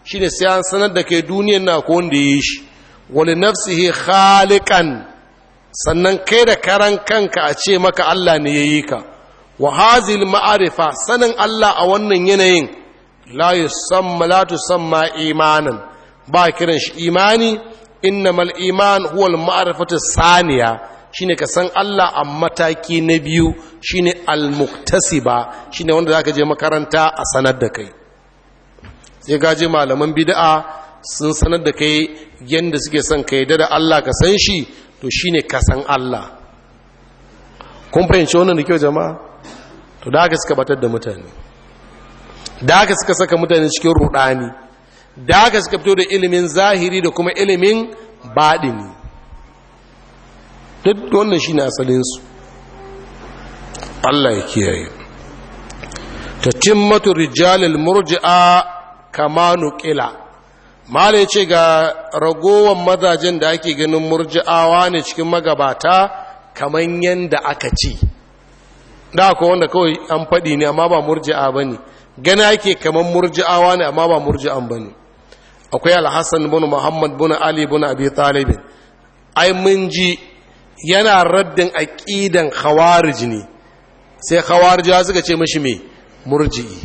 Speaker 1: shine sai an sanar da ke duniyar na ko wanda yi shi Wani nafsihi khalikan sannan kai da karan kanka a ce maka Allah ne ya yi ka wa hazil ma'arifa sanin Allah a wannan yanayin la yusamma la tusamma imanan ba kiran shi imani innamal iman huwa al ma'rifatu saniya shine ka san Allah a mataki na biyu shine al muktasiba shine wanda zaka je makaranta a sanar da kai sai ka je malaman bid'a sun sanar da kai yanda suke son kai da Allah ka san shi to shine ka san Allah kun fahimci wannan da kyau jama'a to da haka suka batar da mutane da haka suka saka mutane cikin rudani da haka suka fito da ilimin zahiri da kuma ilimin baɗini duk wannan shi ne asalinsu Allah ya kiyaye ta cimmatu rijalil murji'a kama nukila mala ya ce ga ragowar mazajen da ake ganin murji'awa ne cikin magabata kamar yadda aka ce da akwai wanda kawai an faɗi ne amma ba murji'a ba ne gana yake kamar murji'awa ne amma ba murji'an ba ne akwai alhassan bin muhammad bin ali bin abi talibin ai mun ji yana raddin aƙidan khawarij ne sai khawarij suka ce mashi me murji'i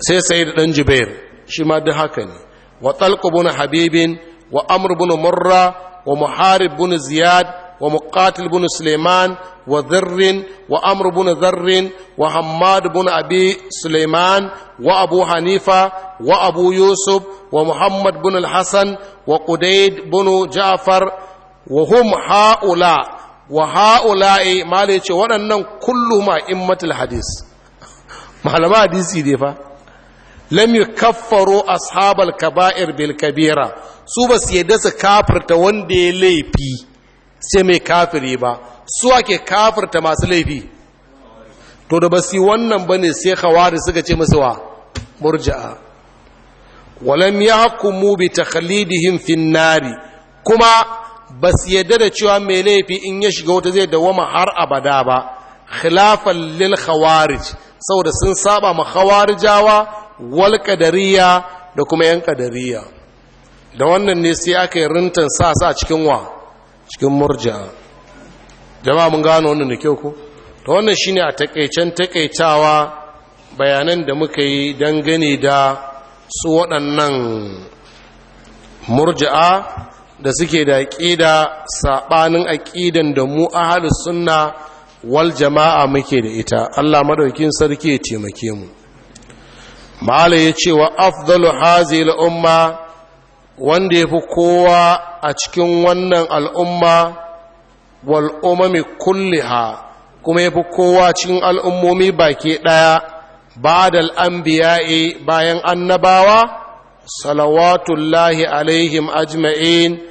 Speaker 1: sai Sayyid Dan jubair shi ma duk haka ne wa talq bin habibin wa amr bin murra wa muharib bin ziyad ومقاتل بن سليمان وذر وأمر بن ذر وحماد بن أبي سليمان وأبو حنيفة وأبو يوسف ومحمد بن الحسن وقديد بن جعفر وهم هؤلاء وهؤلاء ما ليش ولنن كلهم أئمة الحديث معلمة حديثي دي فا lam yukaffaru ashabal kaba'ir bil kabira su ba su yadda su kafirta wanda ya laifi sai mai kafiri ba su ake kafirta masu laifi to da basi wannan bane sai hawari suka ce musu wa murja'a walam yahkumu bi takhlidihim fin nari kuma basu yadda da cewa mai laifi in ya shiga wata zai dawama har abada ba khilafan lil khawarij saboda sun saba ma khawarijawa wal qadariya da kuma yan qadariya da wannan ne sai aka yi rintan sa sa cikin wa cikin murja jama'a mun gano wannan da kyau ko to wannan shine a takeicen takeitawa bayanan da muka yi dangane da su waɗannan murja'a da suke da ƙida saɓanin aƙidan da mu ahlus sunna wal jama'a muke da ita Allah madaukin sarki ya taimake mu mala ya wa afdalu hazil umma wanda ya fi kowa a cikin wannan al'umma wal'umami ha, kuma ya fi kowa cikin al'ummomi baki ɗaya ba da al'ambiya'i bayan annabawa salawatullahi alaihim ajma'in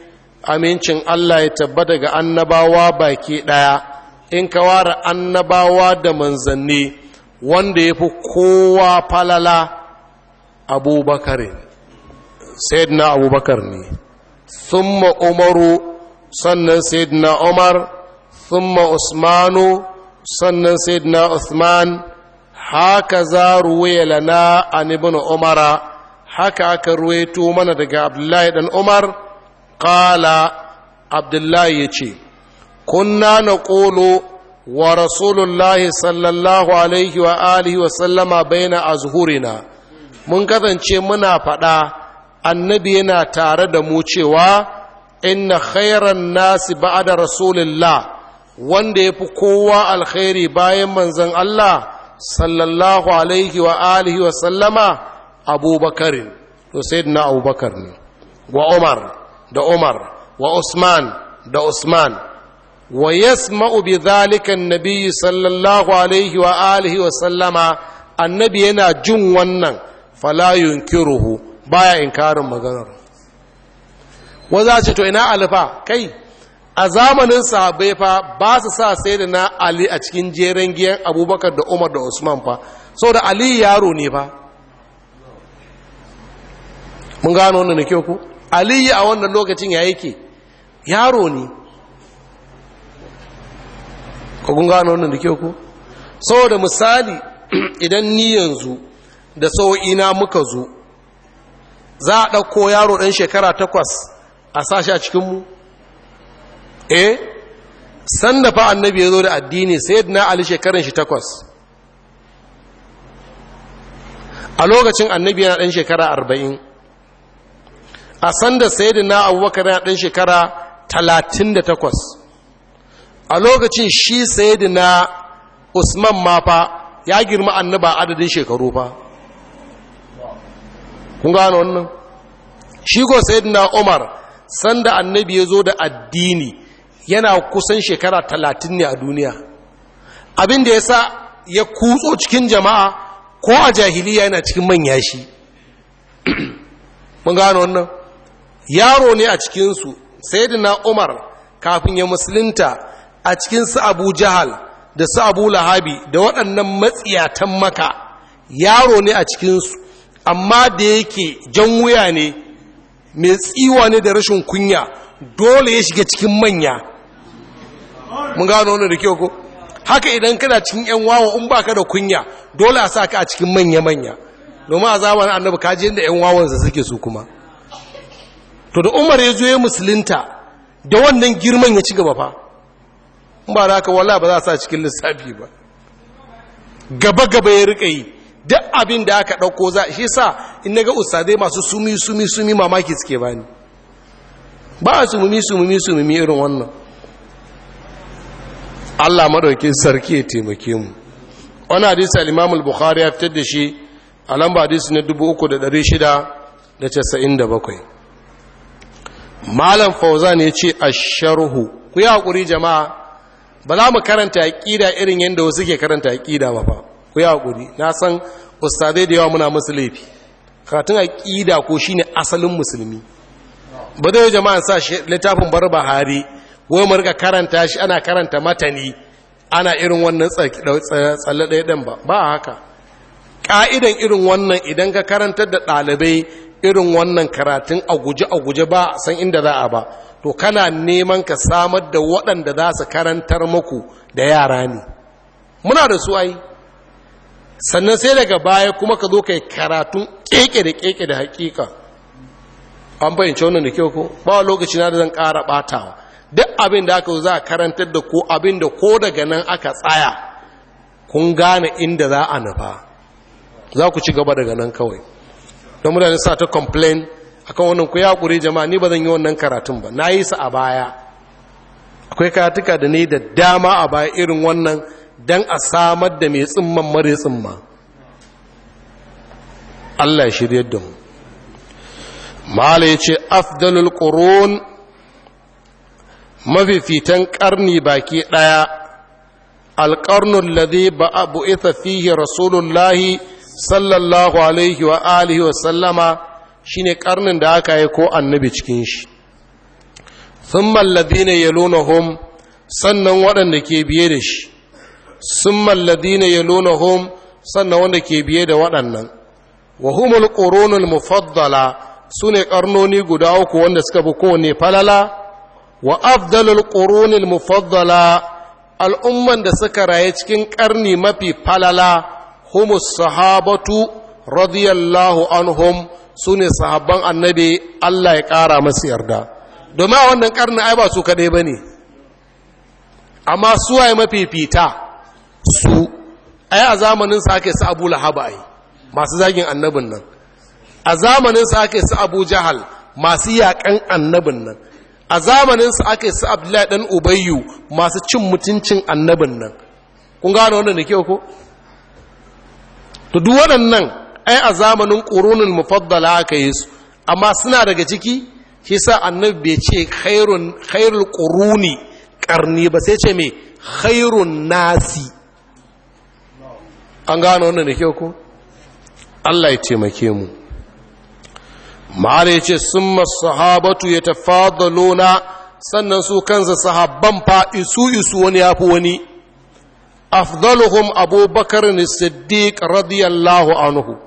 Speaker 1: amincin Allah ya tabbata daga annabawa baki ɗaya in ka ware annabawa da manzanni wanda ya fi kowa falala abubakarin sayyidina abubakar ne thumma umaru sannan sayyidina umar thumma usmanu sannan sayyidina usman haka za ruwaya lana an ibn umara haka aka ruwaito mana daga abdullahi dan umar qala abdullahi yace kunna naqulu wa rasulullahi sallallahu alaihi wa alihi wa sallama baina azhurina mun kasance muna faɗa annabi yana tare da mu cewa inna khairan nasi ba'da rasulillah wanda ya fi kowa alkhairi bayan manzon Allah sallallahu alaihi wa alihi wa sallama abubakar) to sayyidina abubakar ne wa umar da umar wa usman da usman wa yasma'u bi dhalika an-nabiy sallallahu alaihi wa alihi wa sallama annabi yana jin wannan fala yunkiruhu baya inkarin maganar wanda ce to ina alifa kai a zamanin sahabai fa ba su sa sai da na ali a cikin jeren giyan abubakar da umar da usman fa sau da ali yaro ne fa mun gano wannan da kyau ku ali a wannan lokacin ya yake yaro ne kun gano wannan da kyau ku da misali (clears throat) idan ni yanzu da sau'ina muka zo za a ɗauko yaro ɗan shekara takwas a sashi a cikinmu eh sanda fa annabi ya zo da addini sai na ali shekaran shi takwas a lokacin annabi yana ɗan shekara arba'in a sanda sayyidina abubakar yana ɗan shekara talatin da takwas a lokacin shi na usman mafa fa ya girma annaba adadin shekaru fa kun gano wannan shi ko sayyidina umar sanda annabi ya zo da addini yana kusan shekara talatin ne a duniya abin da ya sa ya kutso cikin jama'a ko a jahiliya yana cikin manya shi mun gano wannan yaro ne a cikinsu sayyidina umar kafin ya musulunta a cikin su abu jahal da su abu lahabi da waɗannan matsiyatan maka yaro ne a cikinsu amma da yake jan wuya ne mai tsiwa ne da rashin kunya dole ya shiga cikin manya mun gano wani da kyau ko haka idan kana cikin yan wawa in baka da kunya dole a sa ka a cikin manya-manya domin a zamanin annabi kaji yadda yan wawansa suke su kuma to da umar ya zo ya musulunta da wannan girman ya ci gaba fa In ba da haka wala ba za a sa cikin lissafi ba gaba-gaba ya rika yi duk abin da aka ɗauko za shi sa in na ga ustazai masu sumi sumi sumi mamaki suke bani ba a sumumi sumumi sumumi irin wannan Allah maɗauki sarki ya taimake mu wani hadisi al bukhari ya fitar da shi a lamba hadisi na 3697 Malam Fauzan ya ce a Sharhu, ku yi hakuri jama'a ba za mu karanta ƙida irin yadda wasu ke karanta ƙida ba fa ku yi haƙuri na san ustazai da yawa muna musu laifi karatun aƙida ko ne asalin musulmi ba zai jama'an sa shi littafin bar bahari wai mu karanta shi ana karanta matani ana irin wannan tsalle ɗaya ɗin ba ba haka ƙa'idan irin wannan idan ka karantar da ɗalibai irin wannan karatun a guje a guje ba san inda za a ba to kana neman ka samar da waɗanda za su karantar muku da yara ne muna da su ai sannan sai daga baya kuma ka zo ka karatun keke da keke da hakika an bayyance wannan da kyau ko ba lokaci na da zan kara batawa duk abin da aka za a karantar da ko abin da ko daga nan aka tsaya kun gane inda za a nufa za ku ci gaba daga nan kawai don mutane sa ta complain akan wannan ku ya ƙure jama'a ni ba zan yi wannan karatun ba na yi su a baya akwai karatuka da ni da dama a baya irin wannan don a samar da mai tsimman mare tsimma Allah shirya da mu mala ya ce afdalul ƙoron mafifitan ƙarni baki ɗaya alƙarnun lade ba a ita fiye rasulullahi sallallahu alaihi wa alihi wa sallama shi ne ƙarnin da aka yi ko annabi cikin shi sun mallabi ne ya sannan waɗanda ke biye da shi sun malladina ya nuna hom sannan wanda ke biye da waɗannan wa humul ƙoronul mufaddala su ne ƙarnoni guda uku wanda suka fi kowane falala wa afdalul ƙoronul mufaddala al'umman da suka raye cikin ƙarni mafi falala humus sahabatu radiyallahu anhum su ne sahabban annabi Allah ya ƙara masu yarda domin wannan ƙarni ai ba su kaɗai ba ne amma suwaye fita. su ai a zamanin sa ake su abu lahaba yi masu zagin annabin nan a zamanin sa ake su abu jahal masu yakan annabin nan a zamanin sa ake su abdullahi dan ubayyu masu cin mutuncin annabin nan kun gano wannan da ke ko tudu duk waɗannan ai a zamanin ƙorunin mafaddala aka yi su amma suna daga ciki shi sa annabi bai ce khairul ƙoruni karni ba sai ce me khairun nasi an gano wannan da ke ko Allah ya taimake mu ma'ala ya ce sun sahabatu ya tafa da lona sannan su kansa sahabban fa isu isu wani ya fi wani afdaluhum abubakar ne siddiq radiyallahu anhu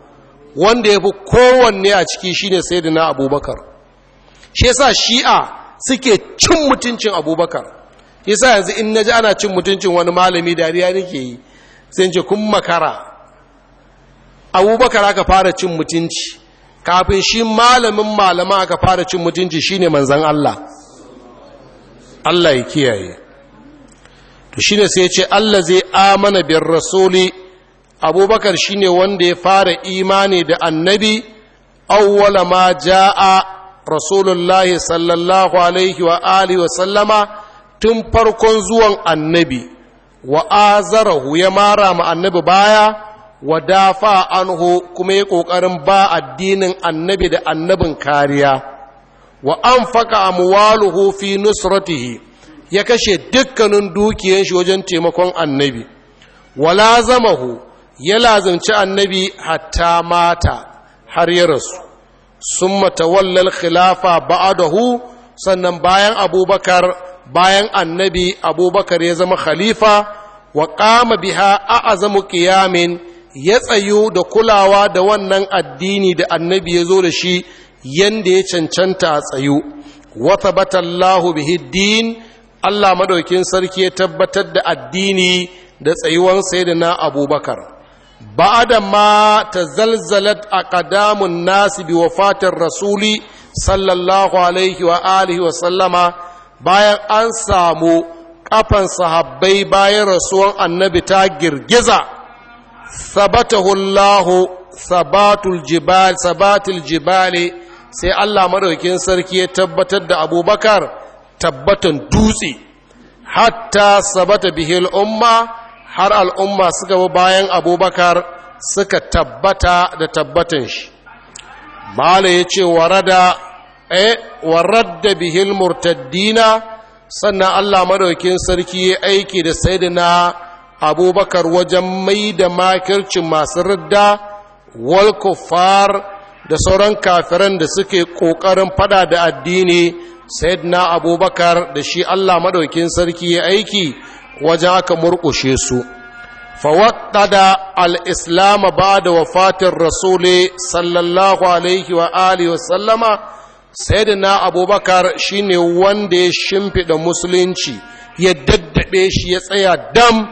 Speaker 1: wanda ya fi kowanne a ciki shine sayyidina abubakar shi yasa shi'a suke cin mutuncin abubakar yasa yanzu in na ji ana cin mutuncin wani malami dariya nake yi sai ce kun makara abubakar aka fara cin mutunci kafin shi malamin malama aka fara cin mutunci shine manzan Allah Allah ya kiyaye to shine sai ce Allah zai amana bin rasuli abubakar shine wanda ya fara imani da annabi awwala ma jaa rasulullahi sallallahu alaihi wa alihi wa sallama tun farkon zuwan annabi wa azarahu ya mara ma annabi baya wa dafa anhu kuma ya kokarin ba addinin annabi da annabin kariya wa anfaka amwaluhu fi nusratihi ya kashe dukkanin dukiyar shi wajen taimakon annabi wa lazamahu ya lazimci annabi hatta mata har ya rasu summa tawallal khilafa ba'dahu sannan bayan abubakar bayan annabi abubakar ya zama khalifa wa kama biha a azamu kiyamin ya tsayu da kulawa da wannan addini da annabi ya zo da shi yadda ya cancanta a tsayu wata batallahu bihi din allah madaukin sarki ya tabbatar da addini da tsayuwan da na abubakar ta a ما تزلزلت wa fatan Rasuli sallallahu alaihi wa alihi wa sallama. bayan an samu kafan sahabbai bayan rasuwan annabi ta girgiza sabatahu Hullahu sabatul jibal sabatul jibali sai Allah madaukakin sarki ya tabbatar da Abubakar tabbatan dutse hatta sabata bihil umma har al'umma suka ba bayan Abubakar suka tabbata da tabbatan shi ya yace warada eh wa radda bihil murtaddina sannan Allah madaukin sarki ya aiki da sayyidina Abubakar wajen maida da makircin masu ridda wal kuffar da sauran kafiran da suke ƙoƙarin faɗa da addini sayyidina Abubakar da shi Allah madaukin sarki ya aiki wajen aka murkushe su فوقد الإسلام بعد وفاة الرسول صلى الله عليه وآله وسلم da na abubakar shine wanda ya shimfiɗa musulunci ya daddaɓe shi ya tsaya dam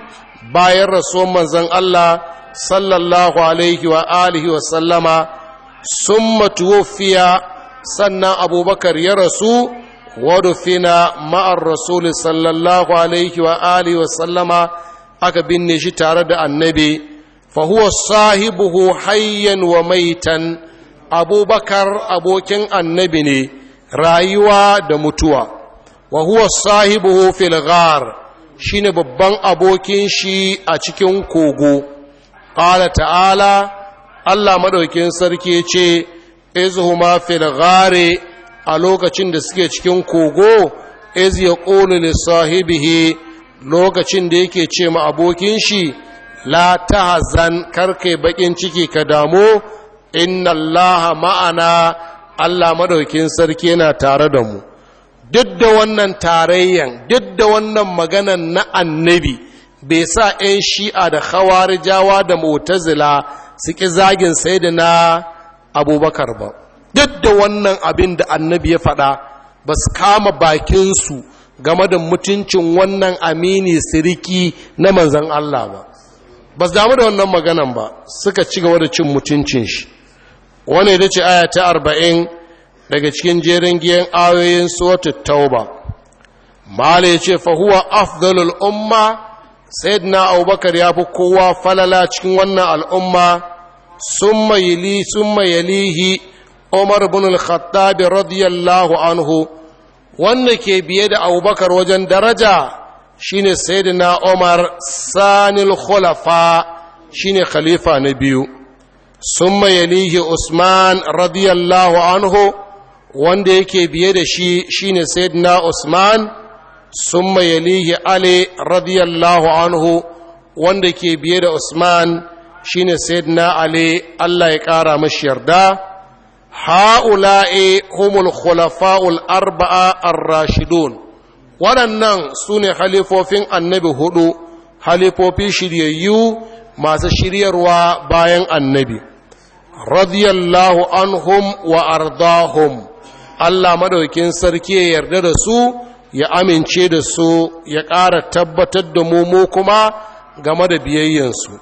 Speaker 1: bayan raso manzon Allah sallallahu alaihi wa alihi wa sallama sun tuwfiya sannan abubakar ya rasu wadufina ma'ar rasul sallallahu alaihi wa alihi wa sallama aka binne shi tare da annabi fa huwa sahibuhu hayyan wa maitan abubakar abokin annabi ne rayuwa da mutuwa wa huwa sahibuhu fil ghar shine babban abokin shi a cikin kogo qala ta'ala Allah madaukin sarki ce izhuma fil ghari a lokacin da suke cikin kogo iz yaqulu li sahibihi lokacin da yake ce ma abokin shi la tahzan karkai bakin ciki ka damu inna Allah ma'ana allah madaukin sarki yana tare da mu duk da wannan tarayyan duk da wannan maganan na annabi bai sa 'yan shi'a da khawarijawa da mutazila su ƙi zagin sai da na abubakar ba duk da wannan abin da annabi ya faɗa ba su kama bakinsu game da mutuncin wannan amini siriki na manzan Allah ba ba su damu da wannan maganan ba suka ci gaba da cin mutuncin shi wani da ce aya ta arba'in daga cikin jerin giyan ayoyin suwatu tauba mala ya ce fahuwa afdalul umma sayyidina abubakar ya fi kowa falala cikin wannan al'umma sun mayalihi umar bin al-khattabi radiyallahu anhu wanda ke biye da abubakar wajen daraja shine sayyidina umar sanil khulafa shine khalifa na biyu summa yalihi usman radiyallahu anhu wanda yake biye da shi shine sayyidina usman summa yalihi ali radiyallahu anhu wanda ke biye da usman shine sayyidina ali Allah ya kara mashi yarda ha'ula'i humul khulafa'ul arba'a ar-rashidun waɗannan su ne halifofin annabi hudu halifofi shiryayyu masu shiryarwa bayan annabi radiyallahu anhum wa ardahum Allah madaukin sarki ya yarda da su ya amince da su ya ƙara tabbatar da mu kuma game da biyayyansu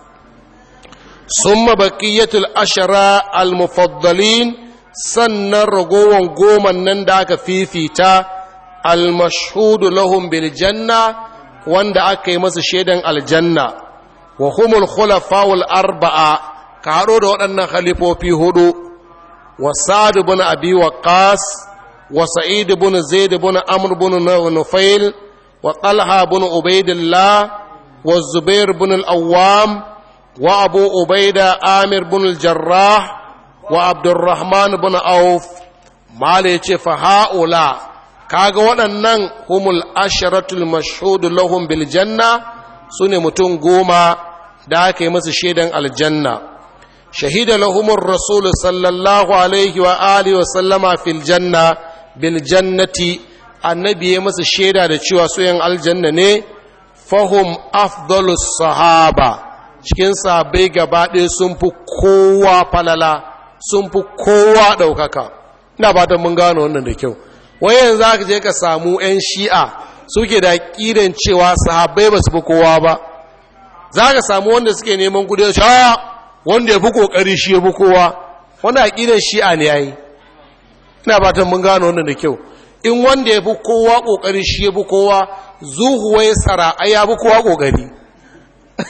Speaker 1: summa baqiyatul ashara al-mufaddalin sannan ragowan goman nan da aka fifita al-mashhudu lahum bil janna wanda aka yi masa shaidan aljanna wa humul khulafa'ul arba'a ka haɗo da waɗannan khalifofi hudu wa sa'ad ibn abi waqqas wa sa'id ibn zaid ibn amr ibn nufail wa talha ibn ubaidillah wa zubair ibn al-awwam wa abu ubaida amir ibn al-jarrah wa abdurrahman ibn auf mala yace fa haula kaga waɗannan humul asharatul mashhud lahum Biljanna janna sune mutum goma da aka yi musu shaidan aljanna shahida لهم الرسول sallallahu alaihi wa alihi wa في fil janna النبي يمس annabi ya musu shaida da cewa su yan aljanna ne sahaba cikin sahabbai gaba ɗaya sun fi kowa falala sun fi kowa ɗaukaka ina fatan mun gano wannan da kyau wai yanzu aka je ka samu 'yan shi'a suke da ƙidan cewa sahabbai ba su fi kowa ba za ka samu wanda suke neman kudi sha wanda ya fi ƙoƙari shi ya fi kowa wani aƙidar shi'a ne ya yi ina batan mun gano wannan da kyau in wanda ya fi kowa ƙoƙari shi ya fi kowa zuhuwa ya tsara a ya fi kowa ƙoƙari (laughs)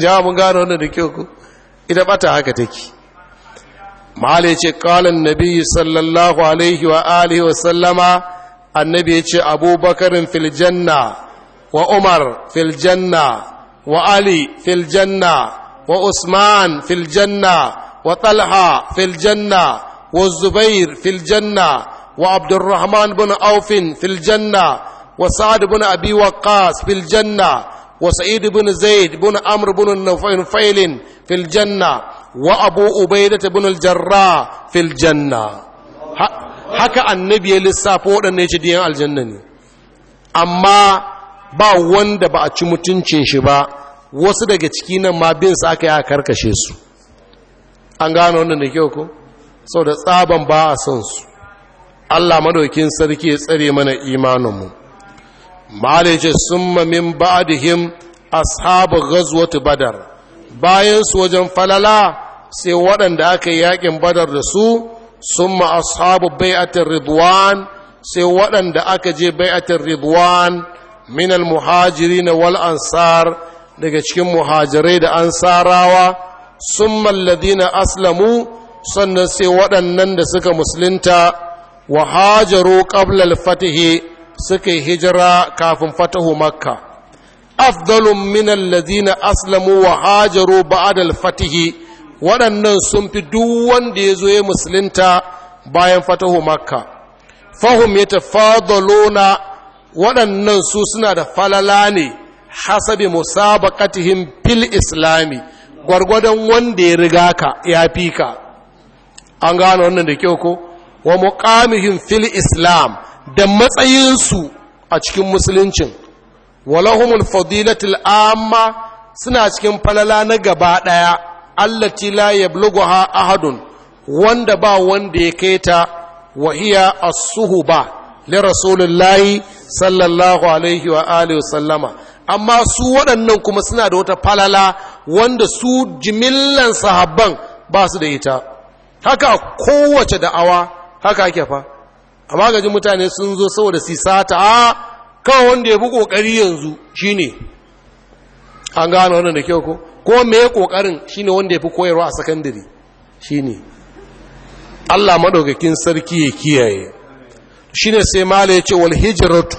Speaker 1: jama mun gano wannan da kyau ku ita ɓata haka take mahala ce kalan nabi sallallahu alaihi wa alihi wa sallama annabi ya ce abubakarin filjanna wa umar filjanna wa ali filjanna wa usman fil janna wa talha fil janna wa zubair fil janna wa Abdulrahman, bin aufin fil janna wa sa'ad bin abi waqqas fil janna wa sa'id bin zaid bin amr bin nufail fil janna wa abu ubaidah bin al fil janna haka annabi ya lissafa waɗannan ya ce diyan aljanna ne amma ba wanda ba a ci mutuncin shi ba wasu daga ciki nan ma bin su aka yi a karkashe su an gano wannan da kyau ko sau da tsaban ba a son su allah madaukin sarki ya tsare mana imaninmu malice sun mamin ba'adihim ashabu gazwatu badar bayan su wajen falala sai waɗanda aka yi yakin badar da su sun ma ashabu bai'atin ridwan sai waɗanda aka je bai'atin ridwan minal muhajiri na wal ansar daga cikin muhajirai da ansarawa sun na aslamu sannan sai waɗannan da suka musulunta wa hajaru ƙablal fatihi suka yi hijira kafin fatahu makka afdalun min alladhina aslamu wa hajaru ba'dal fatihi waɗannan sun fi duk wanda ya zo ya musulunta bayan fatahu makka fahum yatafadaluna waɗannan su suna da falala ne hasabi musabaqatihim fil islami gwargwadon wanda ya riga ka ya fi ka an gano wannan da kyau ko wa muqamihim fil islam da matsayinsu a cikin musuluncin walahumul fadilatul amma suna cikin falala na gaba daya allati la yablughuha ahadun wanda ba wanda ya kai ta wa hiya as-suhba li rasulillahi sallallahu alaihi wa alihi sallama amma su waɗannan kuma suna da wata falala wanda su jimillan sahabban ba su da ita haka kowace da'awa haka ake fa amma gaji mutane sun zo saboda su sata a kawai wanda ya fi ƙoƙari yanzu shine an gano wannan da kyau ko ko me ya ƙoƙarin shine wanda ya fi koyarwa a sakandare shine Allah maɗaukakin sarki ya kiyaye ne sai mala ya ce wal hijratu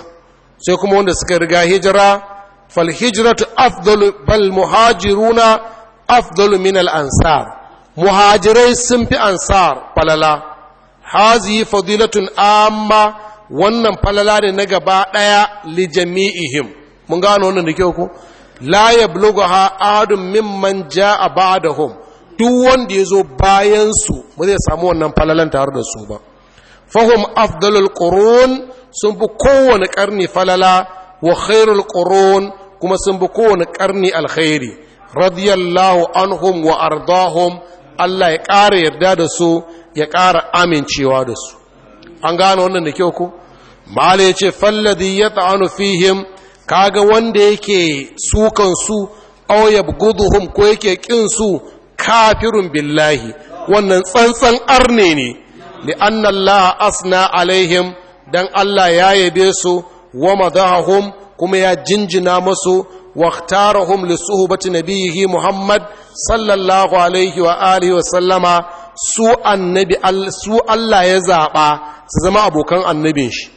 Speaker 1: sai kuma wanda suka riga hijira Falhijratu hijratu bal muhajiruna afdalu min al ansar muhajirai sun fi ansar falala hazihi fadilatun amma wannan falala ne na gaba ɗaya li jami'ihim mun gano wannan da kyau ko la yablugha adun mimman jaa ba'dahum duk wanda ya zo bayansu ba zai samu wannan falalan tare da su ba fahim afdalul qurun sun fi kowane ƙarni falala wa khairul qurun kuma sun bi kowane karni alkhairi radiyallahu anhum wa ardahum Allah ya ƙara yarda da su ya ƙara amincewa da su an gane wannan da kyau ko mala ya ce falladhi yata'anu fihim kaga wanda yake sukan su aw yabghuduhum ko yake kin su kafirun billahi wannan tsantsan arne ne li anna Allah asna alaihim dan Allah ya yabe su wa madahum kuma ya jinjina musu wa tarahum li suhubati nabiyhi Muhammad sallallahu alaihi wa alihi wa sallama su Allah ya zaɓa su zama abokan annabin shi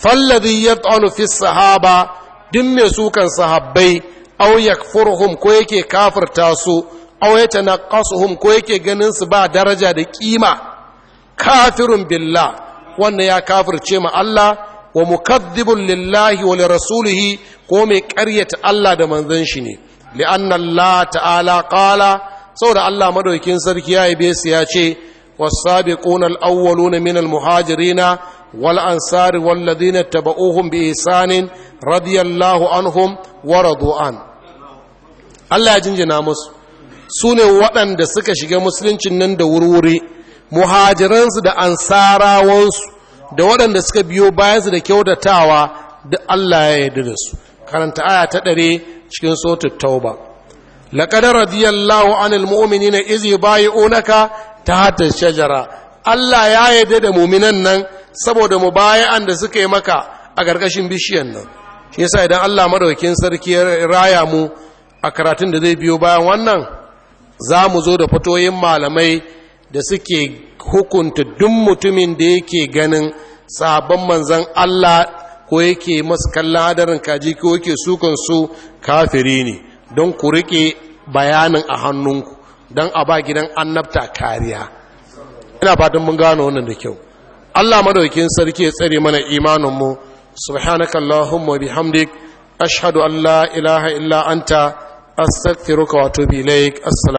Speaker 1: falladhi yat'anu fi sahaba din mai su kan sahabbai aw furhum ko yake kafirta su aw yatanaqasuhum ko yake ganin su ba daraja da kima kafirin billah wanda ya kafirce ma Allah wa mukaddibun lillahi wa lirasulihi ko mai ƙaryata Allah da manzon shi ne li'anna Allah ta'ala qala saboda Allah madaukin sarki ya yabe su ya ce was-sabiquna al-awwaluna min al-muhajirina wal ansari wal ladina tabauhum bi ihsanin radiyallahu anhu, wa an Allah ya jinjira jinjina musu ne waɗanda suka shiga musuluncin nan da wurwuri muhajiransu da ansarawansu da waɗanda suka biyo bayansu da kyautatawa da Allah ya yarda da su karanta aya ta ɗare cikin sautar tauba laqad radiyallahu izi bayi onaka ta tahta shajara Allah ya yarda da mu'minan nan saboda mubaya'an da suka yi maka a ƙarƙashin bishiyan nan shi yasa idan Allah madaukakin sarki raya mu a karatun da zai biyo bayan wannan za mu zo da fatoyin malamai da suke hukunta duk mutumin da yake ganin sabon manzan Allah ko yake masu kallon hadarin kaji ko yake sukan su kafiri ne don ku riƙe bayanin a hannunku don a ba gidan annabta kariya ina fatan mun gano wannan da kyau Allah madaukin sarki ya tsare mana imaninmu subhanakallahumma bihamdik ashhadu an la ilaha illa anta astaghfiruka wa atubu ilaik